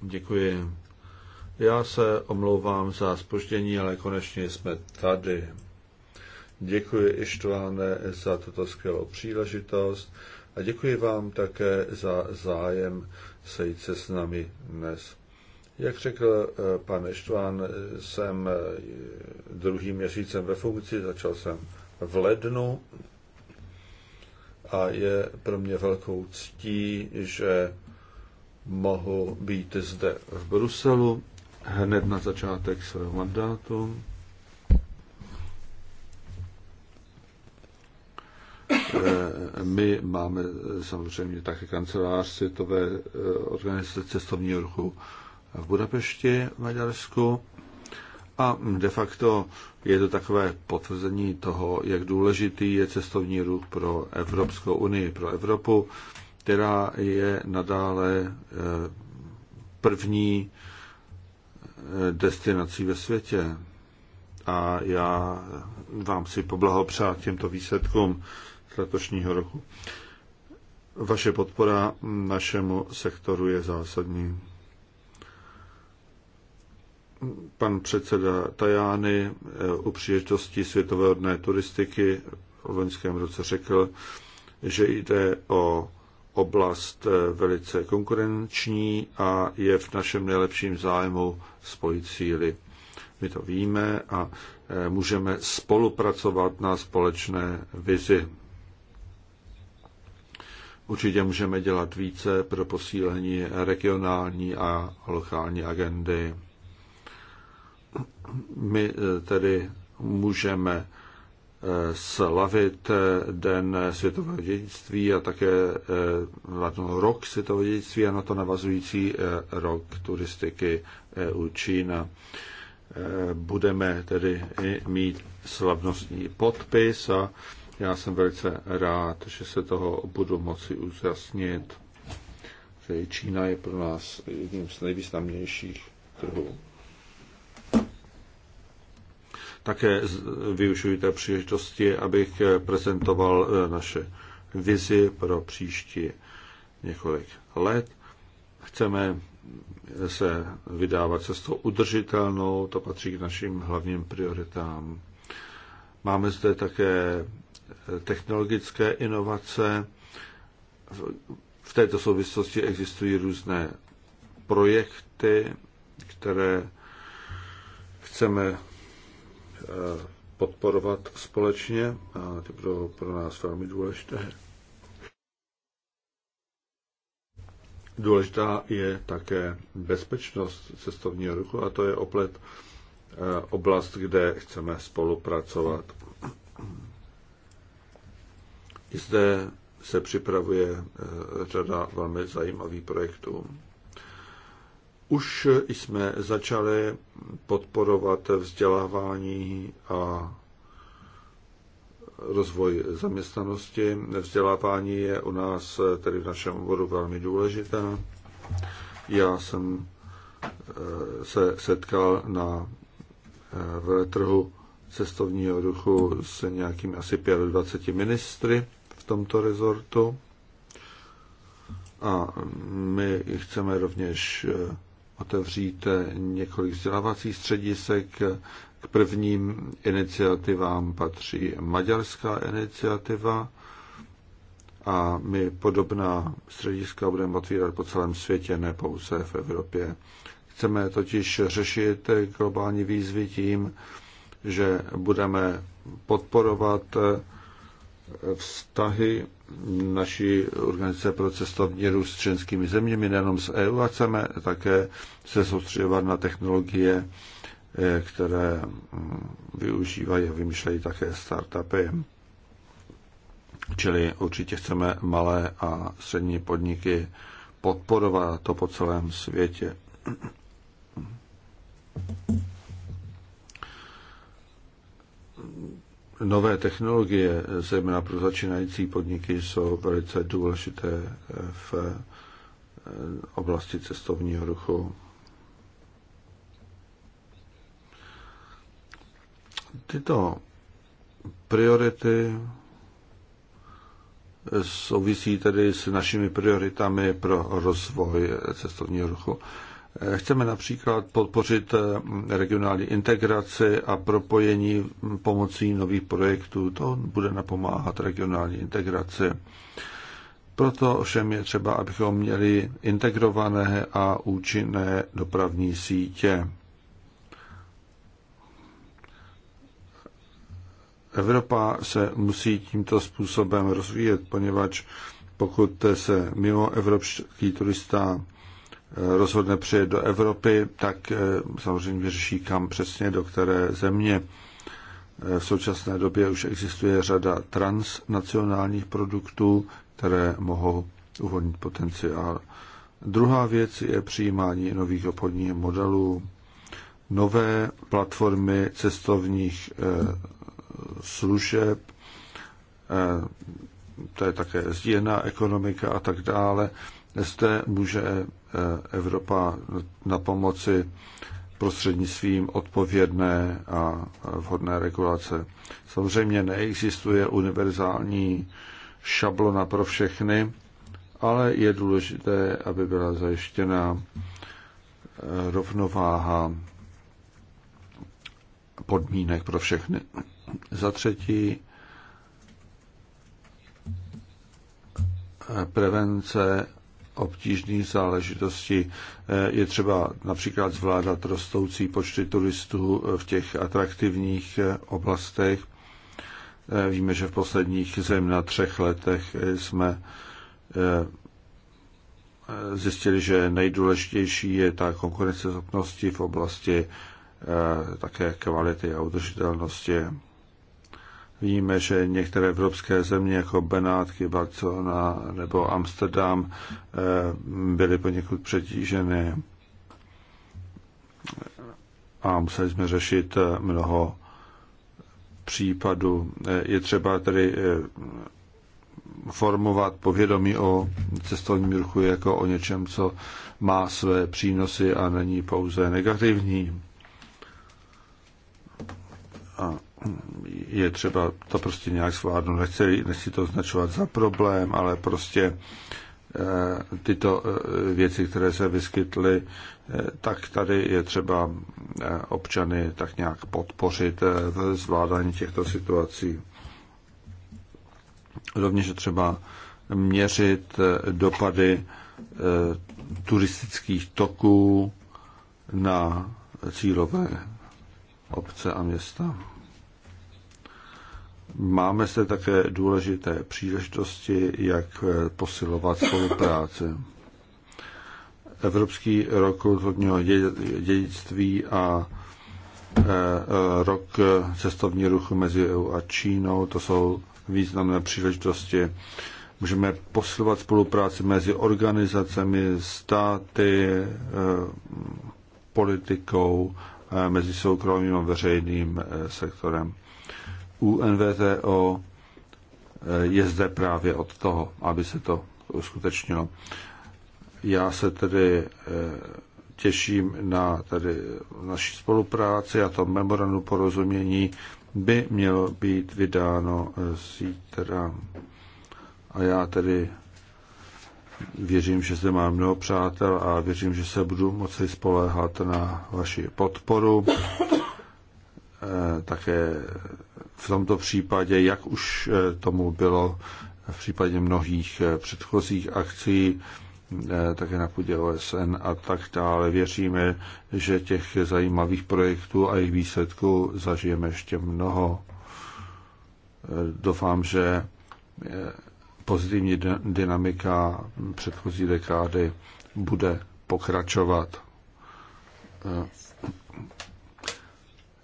Děkuji. Já se omlouvám za spoždění, ale konečně jsme tady. Děkuji Ištváne za tuto skvělou příležitost a děkuji vám také za zájem sejít se s námi dnes. Jak řekl eh, pan Štvan, eh, jsem eh, druhým měsícem ve funkci, začal jsem v lednu a je pro mě velkou ctí, že mohu být zde v Bruselu hned na začátek svého mandátu. My máme samozřejmě také kancelář Světové organizace cestovního ruchu v Budapešti v Maďarsku. A de facto je to takové potvrzení toho, jak důležitý je cestovní ruch pro Evropskou unii, pro Evropu, která je nadále eh, první eh, destinací ve světě. A já vám si poblahopřát těmto výsledkům z letošního roku. Vaše podpora našemu sektoru je zásadní pan předseda Tajány eh, u příležitosti Světového dne turistiky v loňském roce řekl, že jde o oblast eh, velice konkurenční a je v našem nejlepším zájmu spojit síly. My to víme a eh, můžeme spolupracovat na společné vizi. Určitě můžeme dělat více pro posílení regionální a lokální agendy. My eh, tedy můžeme eh, slavit eh, Den světového dědictví a také rok světového dědictví a na to navazující rok turistiky u Čína. Budeme tedy mít slavnostní podpis a já jsem velice rád, že se toho budu moci účastnit. Čína je pro nás jedním z nejvýznamnějších trhů. Také využiju té příležitosti, abych prezentoval eh, naše vizi pro příští několik let. Chceme se vydávat cestou udržitelnou, to patří k našim hlavním prioritám. Máme zde také eh, technologické inovace. V této souvislosti existují různé projekty, které chceme Eh, podporovat společně a ty budou pro nás velmi důležité. Důležitá je také bezpečnost cestovního ruchu a to je oplet eh, oblast, kde chceme spolupracovat. I zde se připravuje eh, řada velmi zajímavých projektů. Už jsme začali podporovat vzdělávání a rozvoj zaměstnanosti. Vzdělávání je u nás, tedy v našem oboru, velmi důležité. Já jsem eh, se setkal na eh, veletrhu cestovního ruchu s nějakými asi 25 ministry v tomto rezortu. A my chceme rovněž eh, otevřít několik vzdělávacích středisek. K prvním iniciativám patří maďarská iniciativa a my podobná střediska budeme otvírat po celém světě, ne pouze v Evropě. Chceme totiž řešit globální výzvy tím, že budeme podporovat vztahy naší organizace pro cestovní růst s členskými zeměmi, nejenom s EU, a chceme také se soustředovat na technologie, eh, které mm, využívají a vymýšlejí také startupy. Čili určitě chceme malé a střední podniky podporovat to po celém světě. nové technologie, zejména pro začínající podniky, jsou velice důležité v eh, oblasti cestovního ruchu. Tyto priority souvisí tedy s našimi prioritami pro rozvoj cestovního ruchu. Chceme například podpořit eh, regionální integraci a propojení hm, pomocí nových projektů. To bude napomáhat regionální integraci. Proto všem je třeba, abychom měli integrované a účinné dopravní sítě. Evropa se musí tímto způsobem rozvíjet, poněvadž pokud se mimo evropský turista rozhodne přijet do Evropy, tak eh, samozřejmě vyřeší kam přesně, do které země. Eh, v současné době už existuje řada transnacionálních produktů, které mohou uvolnit potenciál. Druhá věc je přijímání nových obchodních modelů. Nové platformy cestovních eh, služeb, to je také sdílená ekonomika a tak dále. Zde může eh, Evropa na pomoci prostřednictvím odpovědné a vhodné regulace. Samozřejmě neexistuje univerzální šablona pro všechny, ale je důležité, aby byla zajištěna eh, rovnováha podmínek pro všechny. Za třetí, eh, prevence obtížné záležitosti eh, Je třeba například zvládat rostoucí počty turistů eh, v těch atraktivních eh, oblastech. Víme, že v posledních zem na třech letech jsme zjistili, že nejdůležitější je ta konkurenceschopnosti v oblasti také kvality a udržitelnosti. Víme, že některé evropské země jako Benátky, Barcelona nebo Amsterdam eh, byly poněkud přetíženy a museli jsme řešit eh, mnoho případů. Eh, je třeba tedy formovat povědomí o cestovním ruchu jako o něčem, co má své přínosy a není pouze negativní. A je třeba to prostě nějak zvládnout. Nechci, nechci to označovat za problém, ale prostě eh, tyto eh, věci, které se vyskytly, eh, tak tady je třeba občany tak nějak podpořit v zvládání těchto situací. Rovněž je třeba měřit dopady turistických toků na cílové obce a města. Máme se také důležité příležitosti, jak posilovat spolupráci. Evropský rok kulturního dědictví a e, rok cestovní ruchu mezi EU a Čínou, to jsou významné příležitosti. Můžeme posilovat spolupráci mezi organizacemi, státy, e, politikou, e, mezi soukromým a veřejným sektorem. UNVTO eh, je zde právě od toho, aby se to uskutečnilo. Já se tedy eh, těším na tady naší spolupráci a to memorandum porozumění by mělo být vydáno eh, zítra. A já tedy věřím, že zde mám mnoho přátel a věřím, že se budu moci spoléhat na vaši podporu. Také v tomto případě, jak už eh, tomu bylo v případě mnohých eh, předchozích akcí, eh, také na půdě OSN a tak dále. Věříme, že těch zajímavých projektů a jejich výsledků zažijeme ještě mnoho. Doufám, že pozitivní dynamika předchozí dekády bude pokračovat.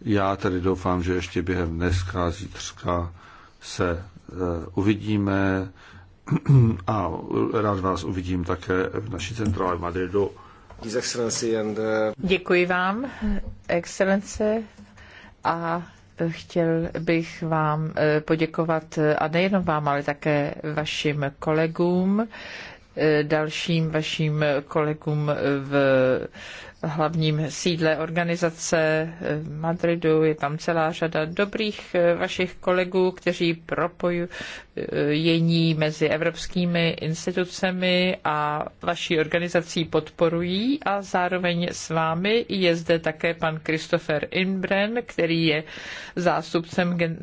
Já tedy doufám, že ještě během dneska, zítřka se eh, uvidíme a rád vás uvidím také v naší centrále Madridu. Eh, Děkuji vám, excelence, a chtěl bych vám eh, poděkovat, a nejenom vám, ale také vašim kolegům, dalším vaším kolegům v hlavním sídle organizace v eh, Madridu. Je tam celá řada dobrých eh, vašich kolegů, kteří propojení mezi evropskými institucemi a vaší organizací podporují a zároveň s vámi je zde také pan Christopher Inbren, který je zástupcem eh,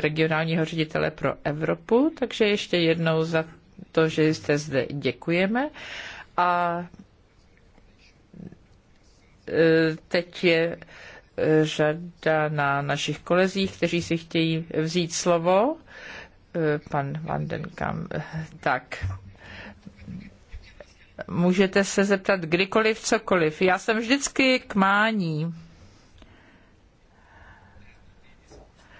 regionálního ředitele pro Evropu. Takže ještě jednou za to, že jste zde děkujeme. A teď je e, řada na našich kolezích, kteří si chtějí vzít slovo. E, pan Vandenkam, tak. Můžete se zeptat kdykoliv, cokoliv. Já jsem vždycky k mání.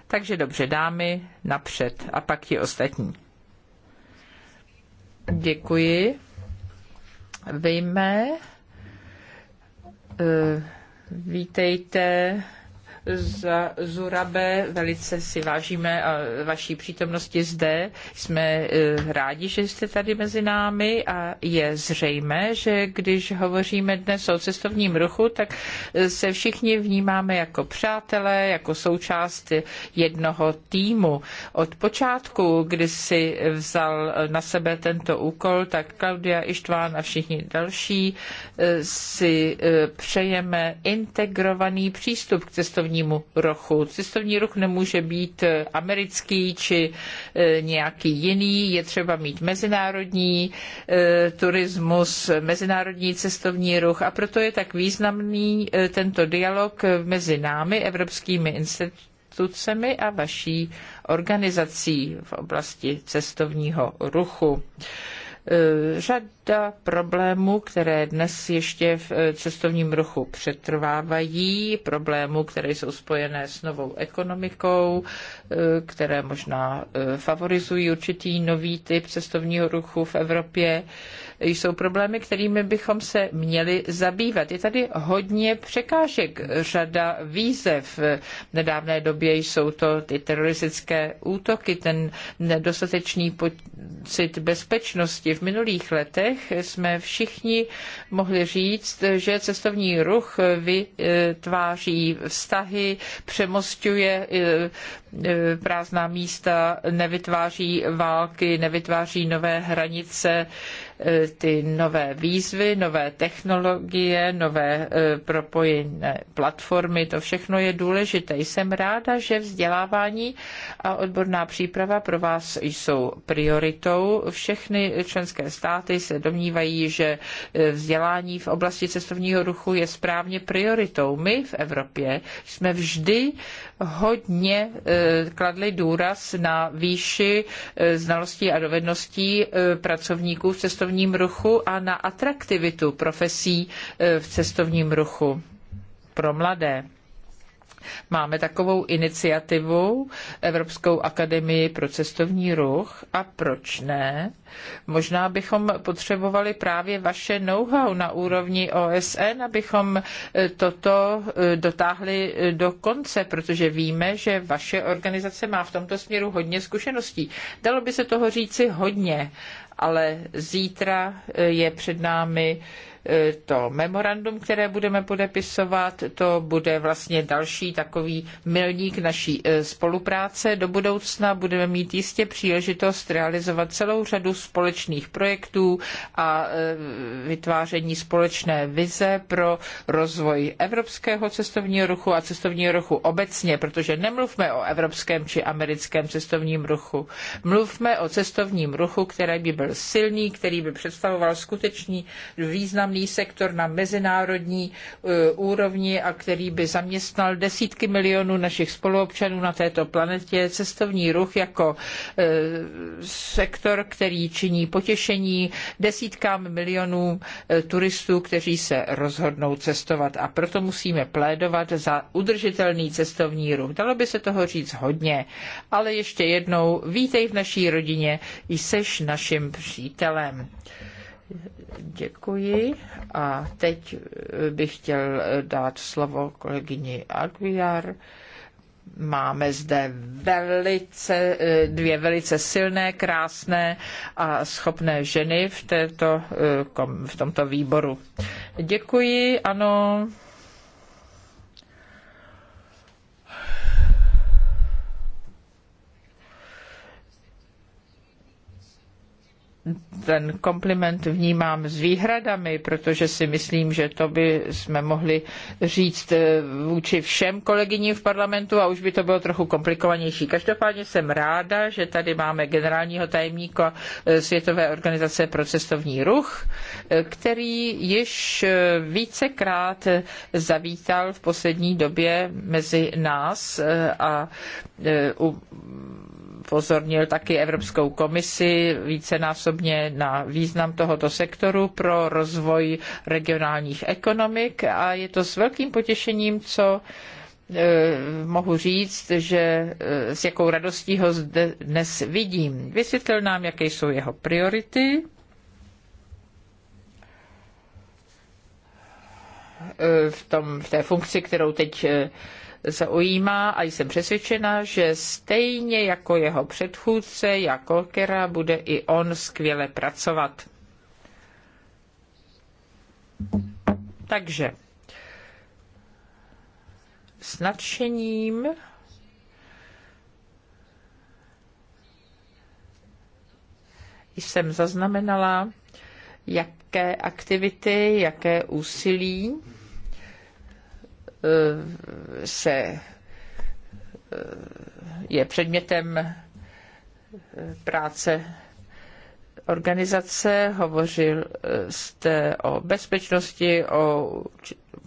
Takže dobře, dámy napřed a pak ti ostatní. Děkuji. Vejme Eh, vítejte za Zurabe. Velice si vážíme vaší přítomnosti zde. Jsme eh, rádi, že jste tady mezi námi a je zřejmé, že když hovoříme dnes o cestovním ruchu, tak eh, se všichni vnímáme jako přátelé, jako součást jednoho týmu. Od počátku, kdy si vzal na sebe tento úkol, tak Klaudia Ištván a všichni další eh, si přejeme integrovaný přístup k cestovnímu cestovnímu ruchu. Cestovní ruch nemůže být eh, americký či eh, nějaký jiný, je třeba mít mezinárodní eh, turismus, mezinárodní cestovní ruch a proto je tak významný tento dialog mezi námi, evropskými institucemi, a vaší organizací v oblasti cestovního ruchu. Řad řada problémů, které dnes ještě v eh, cestovním ruchu přetrvávají, problémů, které jsou spojené s novou ekonomikou, eh, které možná eh, favorizují určitý nový typ cestovního ruchu v Evropě. Jsou problémy, kterými bychom se měli zabývat. Je tady hodně překážek, řada výzev. V nedávné době jsou to ty teroristické útoky, ten nedostatečný pocit bezpečnosti v minulých letech letech jsme všichni mohli říct, že cestovní ruch vytváří vztahy, přemostňuje eh, eh, prázdná místa, nevytváří války, nevytváří nové hranice, Eh, ty nové výzvy, nové technologie, nové eh, propojené platformy, to všechno je důležité. Jsem ráda, že vzdělávání a odborná příprava pro vás jsou prioritou. Všechny členské státy se domnívají, že eh, vzdělání v oblasti cestovního ruchu je správně prioritou. My v Evropě jsme vždy hodně eh, kladli důraz na výši eh, znalostí a dovedností eh, pracovníků v cestovním ruchu a na atraktivitu profesí v cestovním ruchu pro mladé. Máme takovou iniciativu Evropskou akademii pro cestovní ruch a proč ne? Možná bychom potřebovali právě vaše know-how na úrovni OSN, abychom e, toto e, dotáhli e, do konce, protože víme, že vaše organizace má v tomto směru hodně zkušeností. Dalo by se toho říci hodně, ale zítra je před námi E, to memorandum, které budeme podepisovat, to bude vlastně další takový milník naší e, spolupráce. Do budoucna budeme mít jistě příležitost realizovat celou řadu společných projektů a e, vytváření společné vize pro rozvoj evropského cestovního ruchu a cestovního ruchu obecně, protože nemluvme o evropském či americkém cestovním ruchu. Mluvme o cestovním ruchu, který by byl silný, který by představoval skutečný významný soukromý sektor na mezinárodní e, úrovni a který by zaměstnal desítky milionů našich spoluobčanů na této planetě. Cestovní ruch jako e, sektor, který činí potěšení desítkám milionů e, turistů, kteří se rozhodnou cestovat. A proto musíme plédovat za udržitelný cestovní ruch. Dalo by se toho říct hodně, ale ještě jednou vítej v naší rodině, jseš naším přítelem. Děkuji a teď bych chtěl dát slovo kolegyni Aguiar. Máme zde velice, dvě velice silné, krásné a schopné ženy v, této, eh, v tomto výboru. Děkuji, ano. ten kompliment vnímám s výhradami, protože si myslím, že to by jsme mohli říct eh, vůči všem kolegyním v parlamentu a už by to bylo trochu komplikovanější. Každopádně jsem ráda, že tady máme generálního tajemníka eh, Světové organizace pro cestovní ruch, eh, který již vícekrát zavítal v poslední době mezi nás a u upozornil taky Evropskou komisi vícenásobně na význam tohoto sektoru pro rozvoj regionálních ekonomik a je to s velkým potěšením, co e, mohu říct, že e, s jakou radostí ho zde dnes vidím. Vysvětlil nám, jaké jsou jeho priority. E, v, tom, v té funkci, kterou teď zaujímá a jsem přesvědčena, že stejně jako jeho předchůdce Jako Kera bude i on skvěle pracovat. Takže s nadšením jsem zaznamenala, jaké aktivity, jaké úsilí Eh, se eh, je předmětem eh, práce organizace. Hovořil jste o bezpečnosti, o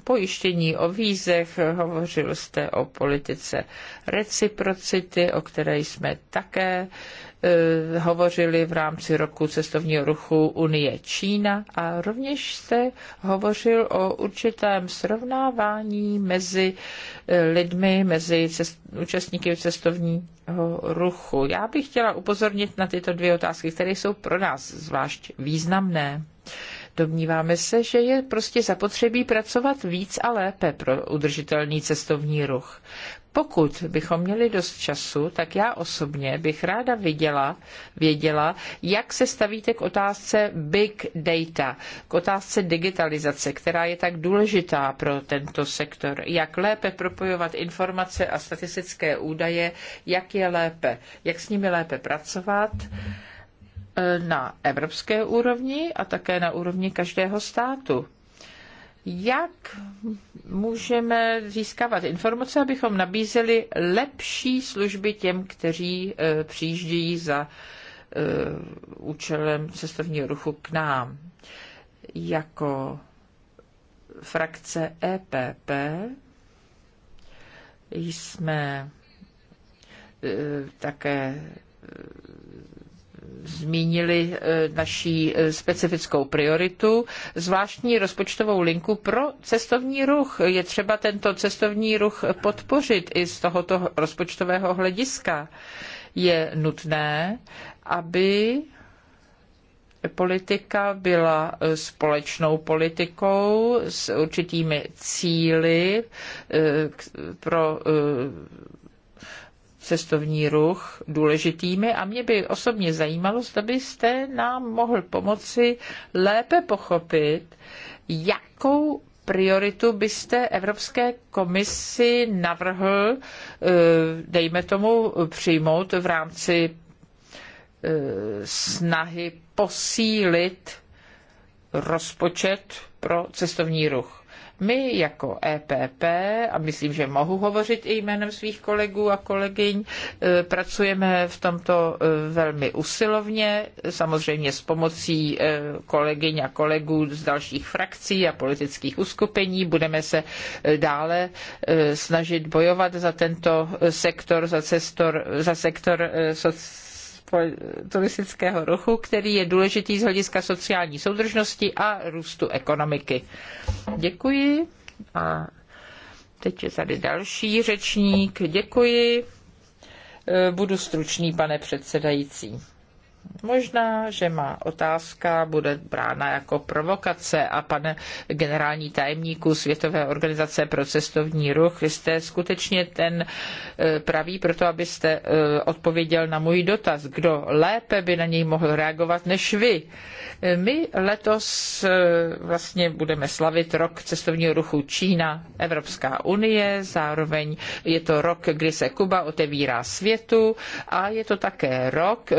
pojištění, o vízech, hovořil jste o politice reciprocity, o které jsme také Eh, hovořili v rámci roku cestovního ruchu Unie Čína a rovněž jste hovořil o určitém srovnávání mezi eh, lidmi, mezi cest, účastníky cestovního ruchu. Já bych chtěla upozornit na tyto dvě otázky, které jsou pro nás zvlášť významné. Domníváme se, že je prostě zapotřebí pracovat víc a lépe pro udržitelný cestovní ruch. Pokud bychom měli dost času, tak já osobně bych ráda viděla, věděla, jak se stavíte k otázce big data, k otázce digitalizace, která je tak důležitá pro tento sektor. Jak lépe propojovat informace a statistické údaje, jak je lépe, jak s nimi lépe pracovat eh, na evropské úrovni a také na úrovni každého státu jak můžeme získávat informace, abychom nabízeli lepší služby těm, kteří e, přijíždějí za e, účelem cestovního ruchu k nám. Jako frakce EPP jsme e, také zmínili eh, naší eh, specifickou prioritu, zvláštní rozpočtovou linku pro cestovní ruch. Je třeba tento cestovní ruch podpořit i z tohoto rozpočtového hlediska. Je nutné, aby politika byla eh, společnou politikou s určitými cíly pro cestovní ruch důležitými a mě by osobně zajímalo, zda byste nám mohl pomoci lépe pochopit, jakou prioritu byste Evropské komisi navrhl, eh, dejme tomu, přijmout v rámci eh, snahy posílit rozpočet pro cestovní ruch. My jako EPP, a myslím, že mohu hovořit i jménem svých kolegů a kolegyň, e, pracujeme v tomto e, velmi usilovně, samozřejmě s pomocí e, kolegyň a kolegů z dalších frakcí a politických uskupení. Budeme se dále snažit bojovat za tento sektor, za, cestor, za sektor sociální turistického ruchu, který je důležitý z hlediska sociální soudržnosti a růstu ekonomiky. Děkuji. A teď je tady další řečník. Děkuji. E, budu stručný, pane předsedající. Možná, že má otázka bude brána jako provokace a pane generální tajemníku Světové organizace pro cestovní ruch, jste skutečně ten e, pravý proto, abyste e, odpověděl na můj dotaz. Kdo lépe by na něj mohl reagovat než vy? E, my letos vlastně budeme slavit rok cestovního ruchu Čína, Evropská unie, zároveň je to rok, kdy se Kuba otevírá světu a je to také rok,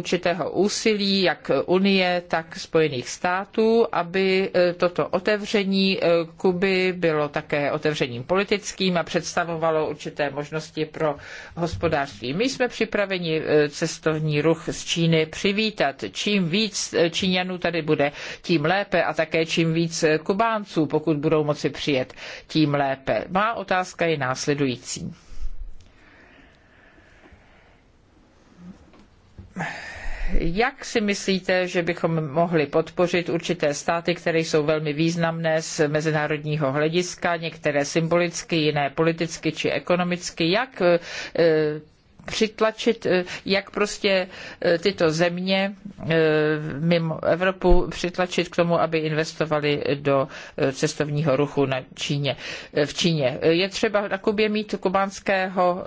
určitého úsilí jak Unie, tak Spojených států, aby e, toto otevření e, Kuby bylo také otevřením politickým a představovalo určité možnosti pro hospodářství. My jsme připraveni e, cestovní ruch z Číny přivítat. Čím víc Číňanů tady bude, tím lépe a také čím víc Kubánců, pokud budou moci přijet, tím lépe. Má otázka je následující. Jak si myslíte, že bychom mohli podpořit určité státy, které jsou velmi významné z mezinárodního hlediska, některé symbolicky, jiné politicky či ekonomicky? Jak eh, přitlačit, eh, jak prostě eh, tyto země eh, mimo Evropu přitlačit k tomu, aby investovali do cestovního ruchu na Číně, v Číně. Je třeba na Kubě mít kubánského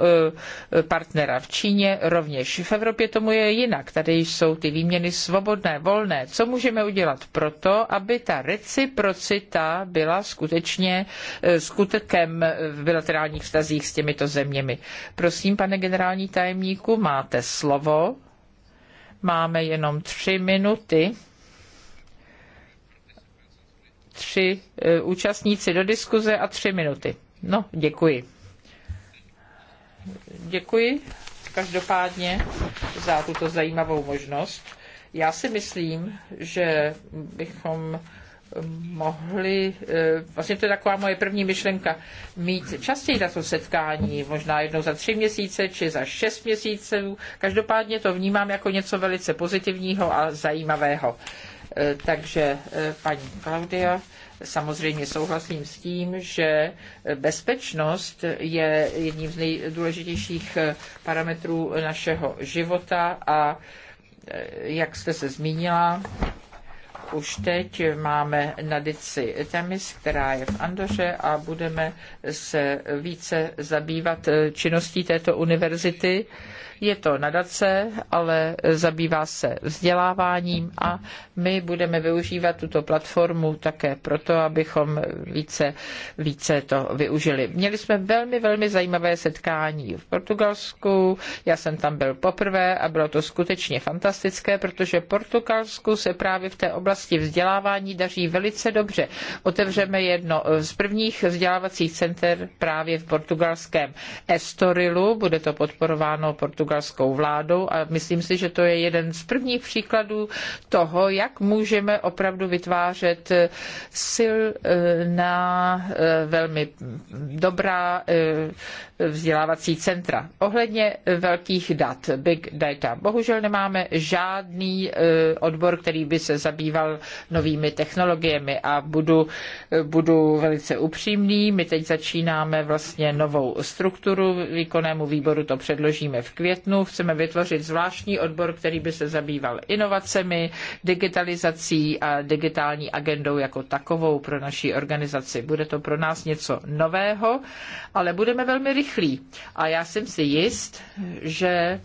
partnera v Číně rovněž. V Evropě tomu je jinak. Tady jsou ty výměny svobodné, volné. Co můžeme udělat proto, aby ta reciprocita byla skutečně skutkem v bilaterálních vztazích s těmito zeměmi? Prosím, pane generální tajemníku, máte slovo. Máme jenom tři minuty. Tři uh, účastníci do diskuze a tři minuty. No, děkuji. Děkuji každopádně za tuto zajímavou možnost. Já si myslím, že bychom mohli, eh, vlastně to je taková moje první myšlenka, mít častěji na to setkání, možná jednou za tři měsíce či za šest měsíců. Každopádně to vnímám jako něco velice pozitivního a zajímavého. Eh, takže eh, paní Klaudia, samozřejmě souhlasím s tím, že bezpečnost je jedním z nejdůležitějších parametrů našeho života a jak jste se zmínila, už teď máme Nadici Temis, která je v Andoře a budeme se více zabývat činností této univerzity je to nadace, ale zabývá se vzděláváním a my budeme využívat tuto platformu také proto, abychom více, více to využili. Měli jsme velmi, velmi zajímavé setkání v Portugalsku. Já jsem tam byl poprvé a bylo to skutečně fantastické, protože Portugalsku se právě v té oblasti vzdělávání daří velice dobře. Otevřeme jedno z prvních vzdělávacích center právě v portugalském Estorilu. Bude to podporováno Portugalskou portugalskou vládou a myslím si, že to je jeden z prvních příkladů toho, jak můžeme opravdu vytvářet eh, silná, eh, eh, velmi dobrá vzdělávací centra. Ohledně velkých dat, big data, bohužel nemáme žádný odbor, který by se zabýval novými technologiemi a budu, budu velice upřímný. My teď začínáme vlastně novou strukturu, výkonnému výboru to předložíme v květnu květnu chceme vytvořit zvláštní odbor, který by se zabýval inovacemi, digitalizací a digitální agendou jako takovou pro naší organizaci. Bude to pro nás něco nového, ale budeme velmi rychlí. A já jsem si jist, že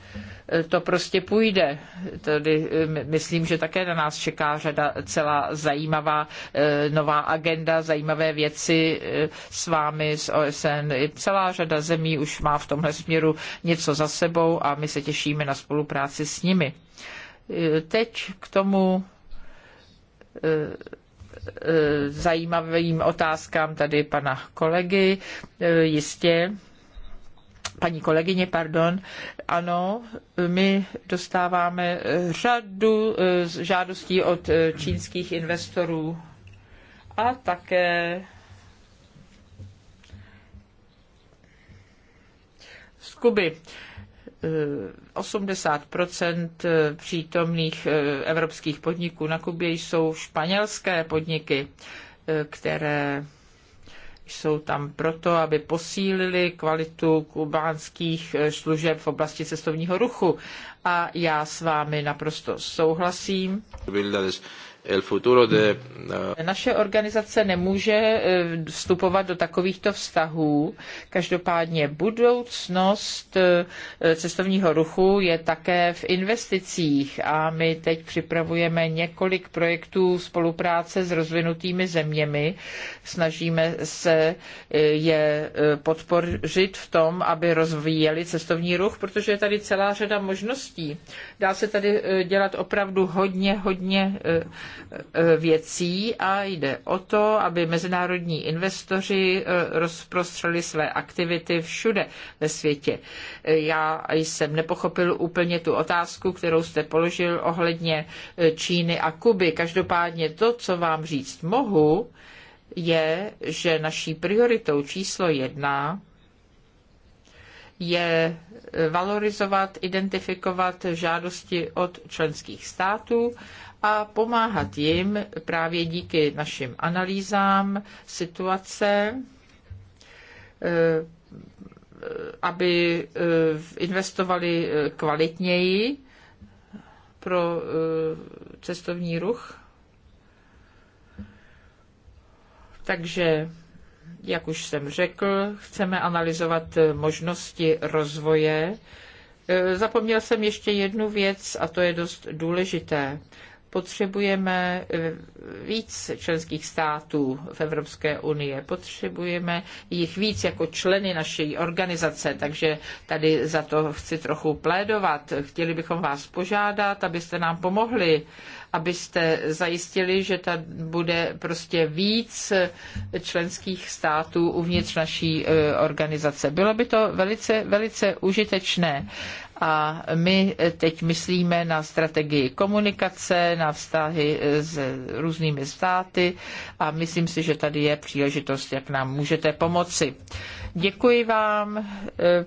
to prostě půjde. Tady eh, myslím, že také na nás čeká řada celá zajímavá eh, nová agenda, zajímavé věci eh, s vámi, s OSN. Celá řada zemí už má v tomhle směru něco za sebou a my se těšíme na spolupráci s nimi. Teď k tomu zajímavým otázkám tady pana kolegy. Jistě paní kolegyně, pardon, ano, my dostáváme řadu eh, žádostí od eh, čínských investorů a také z Kuby. 80 eh, přítomných evropských podniků na Kubě jsou španělské podniky, které jsou tam proto, aby posílili kvalitu kubánských eh, služeb v oblasti cestovního ruchu. A já s vámi naprosto souhlasím el futuro de... Eh, naše organizace nemůže eh, vstupovat do takovýchto vztahů. Každopádně budoucnost eh, cestovního ruchu je také v investicích a my teď připravujeme několik projektů spolupráce s rozvinutými zeměmi. Snažíme se je podpořit v tom, aby rozvíjeli cestovní ruch, protože je tady celá řada možností. Dá se tady dělat opravdu hodně, hodně věcí a jde o to, aby mezinárodní investoři eh, rozprostřeli své aktivity všude ve světě. Eh, já jsem nepochopil úplně tu otázku, kterou jste položil ohledně eh, Číny a Kuby. Každopádně to, co vám říct mohu, je, že naší prioritou číslo jedna je valorizovat, identifikovat žádosti od členských států a pomáhat jim právě díky našim analýzám situace, eh, aby eh, investovali eh, kvalitněji pro cestovní ruch. Takže, jak už jsem řekl, chceme analyzovat možnosti rozvoje. Zapomněl jsem ještě jednu věc a to je dost důležité. Potřebujeme eh, víc členských států v Evropské unii, potřebujeme jich víc jako členy naší organizace, takže tady za to chci trochu plédovat. Chtěli bychom vás požádat, abyste nám pomohli, abyste zajistili, že tady bude prostě víc členských států uvnitř naší eh, organizace. Bylo by to velice, velice užitečné a my teď myslíme na strategii komunikace, na vztahy s různými státy a myslím si, že tady je příležitost, jak nám můžete pomoci. Děkuji vám,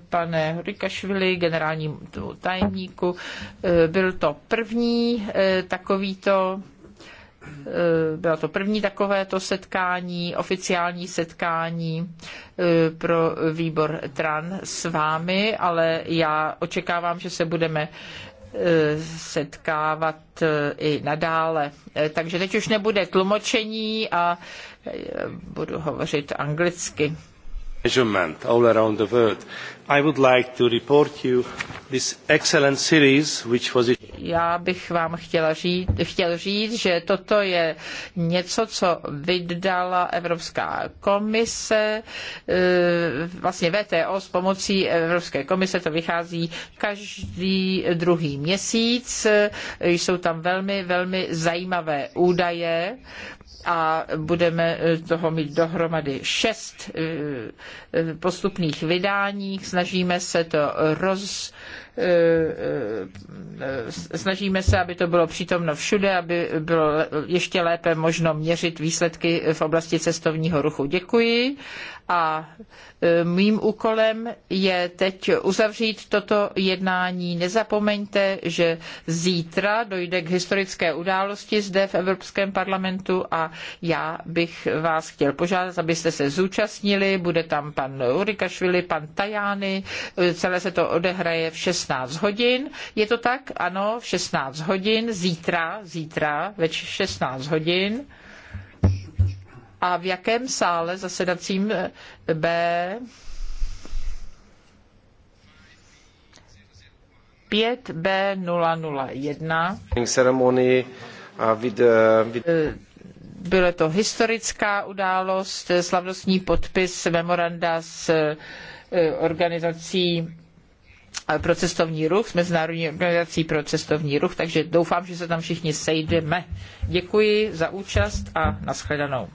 pane Rikašvili, generálnímu tajemníku. Byl to první takovýto Eh, Bylo to první takovéto setkání, oficiální setkání eh, pro výbor TRAN s vámi, ale já očekávám, že se budeme eh, setkávat i nadále. Takže teď už nebude tlumočení a budu hovořit anglicky measurement all around the world. I would like to report you this excellent series, which was... Já bych vám chtěla říct, chtěl říct, že toto je něco, co vydala Evropská komise, eh, vlastně VTO s pomocí Evropské komise, to vychází každý druhý měsíc, eh, jsou tam velmi, velmi zajímavé údaje a budeme eh, toho mít dohromady šest eh, eh, postupných vydání. Snažíme se to roz Eh, eh, snažíme se, aby to bylo přítomno všude, aby bylo ještě lépe možno měřit výsledky v oblasti cestovního ruchu. Děkuji a eh, mým úkolem je teď uzavřít toto jednání. Nezapomeňte, že zítra dojde k historické události zde v Evropském parlamentu a já bych vás chtěl požádat, abyste se zúčastnili. Bude tam pan Urikašvili, pan Tajány, celé se to odehraje v 6 16 hodin. Je to tak? Ano, v 16 hodin, zítra, zítra ve 16 hodin. A v jakém sále zasedacím B? 5B001. Ceremonii a vid, eh, vid... Eh, Byla to historická událost, slavnostní podpis memoranda s eh, organizací pro cestovní ruch, s Mezinárodní organizací pro cestovní ruch, takže doufám, že se tam všichni sejdeme. Děkuji za účast a nashledanou.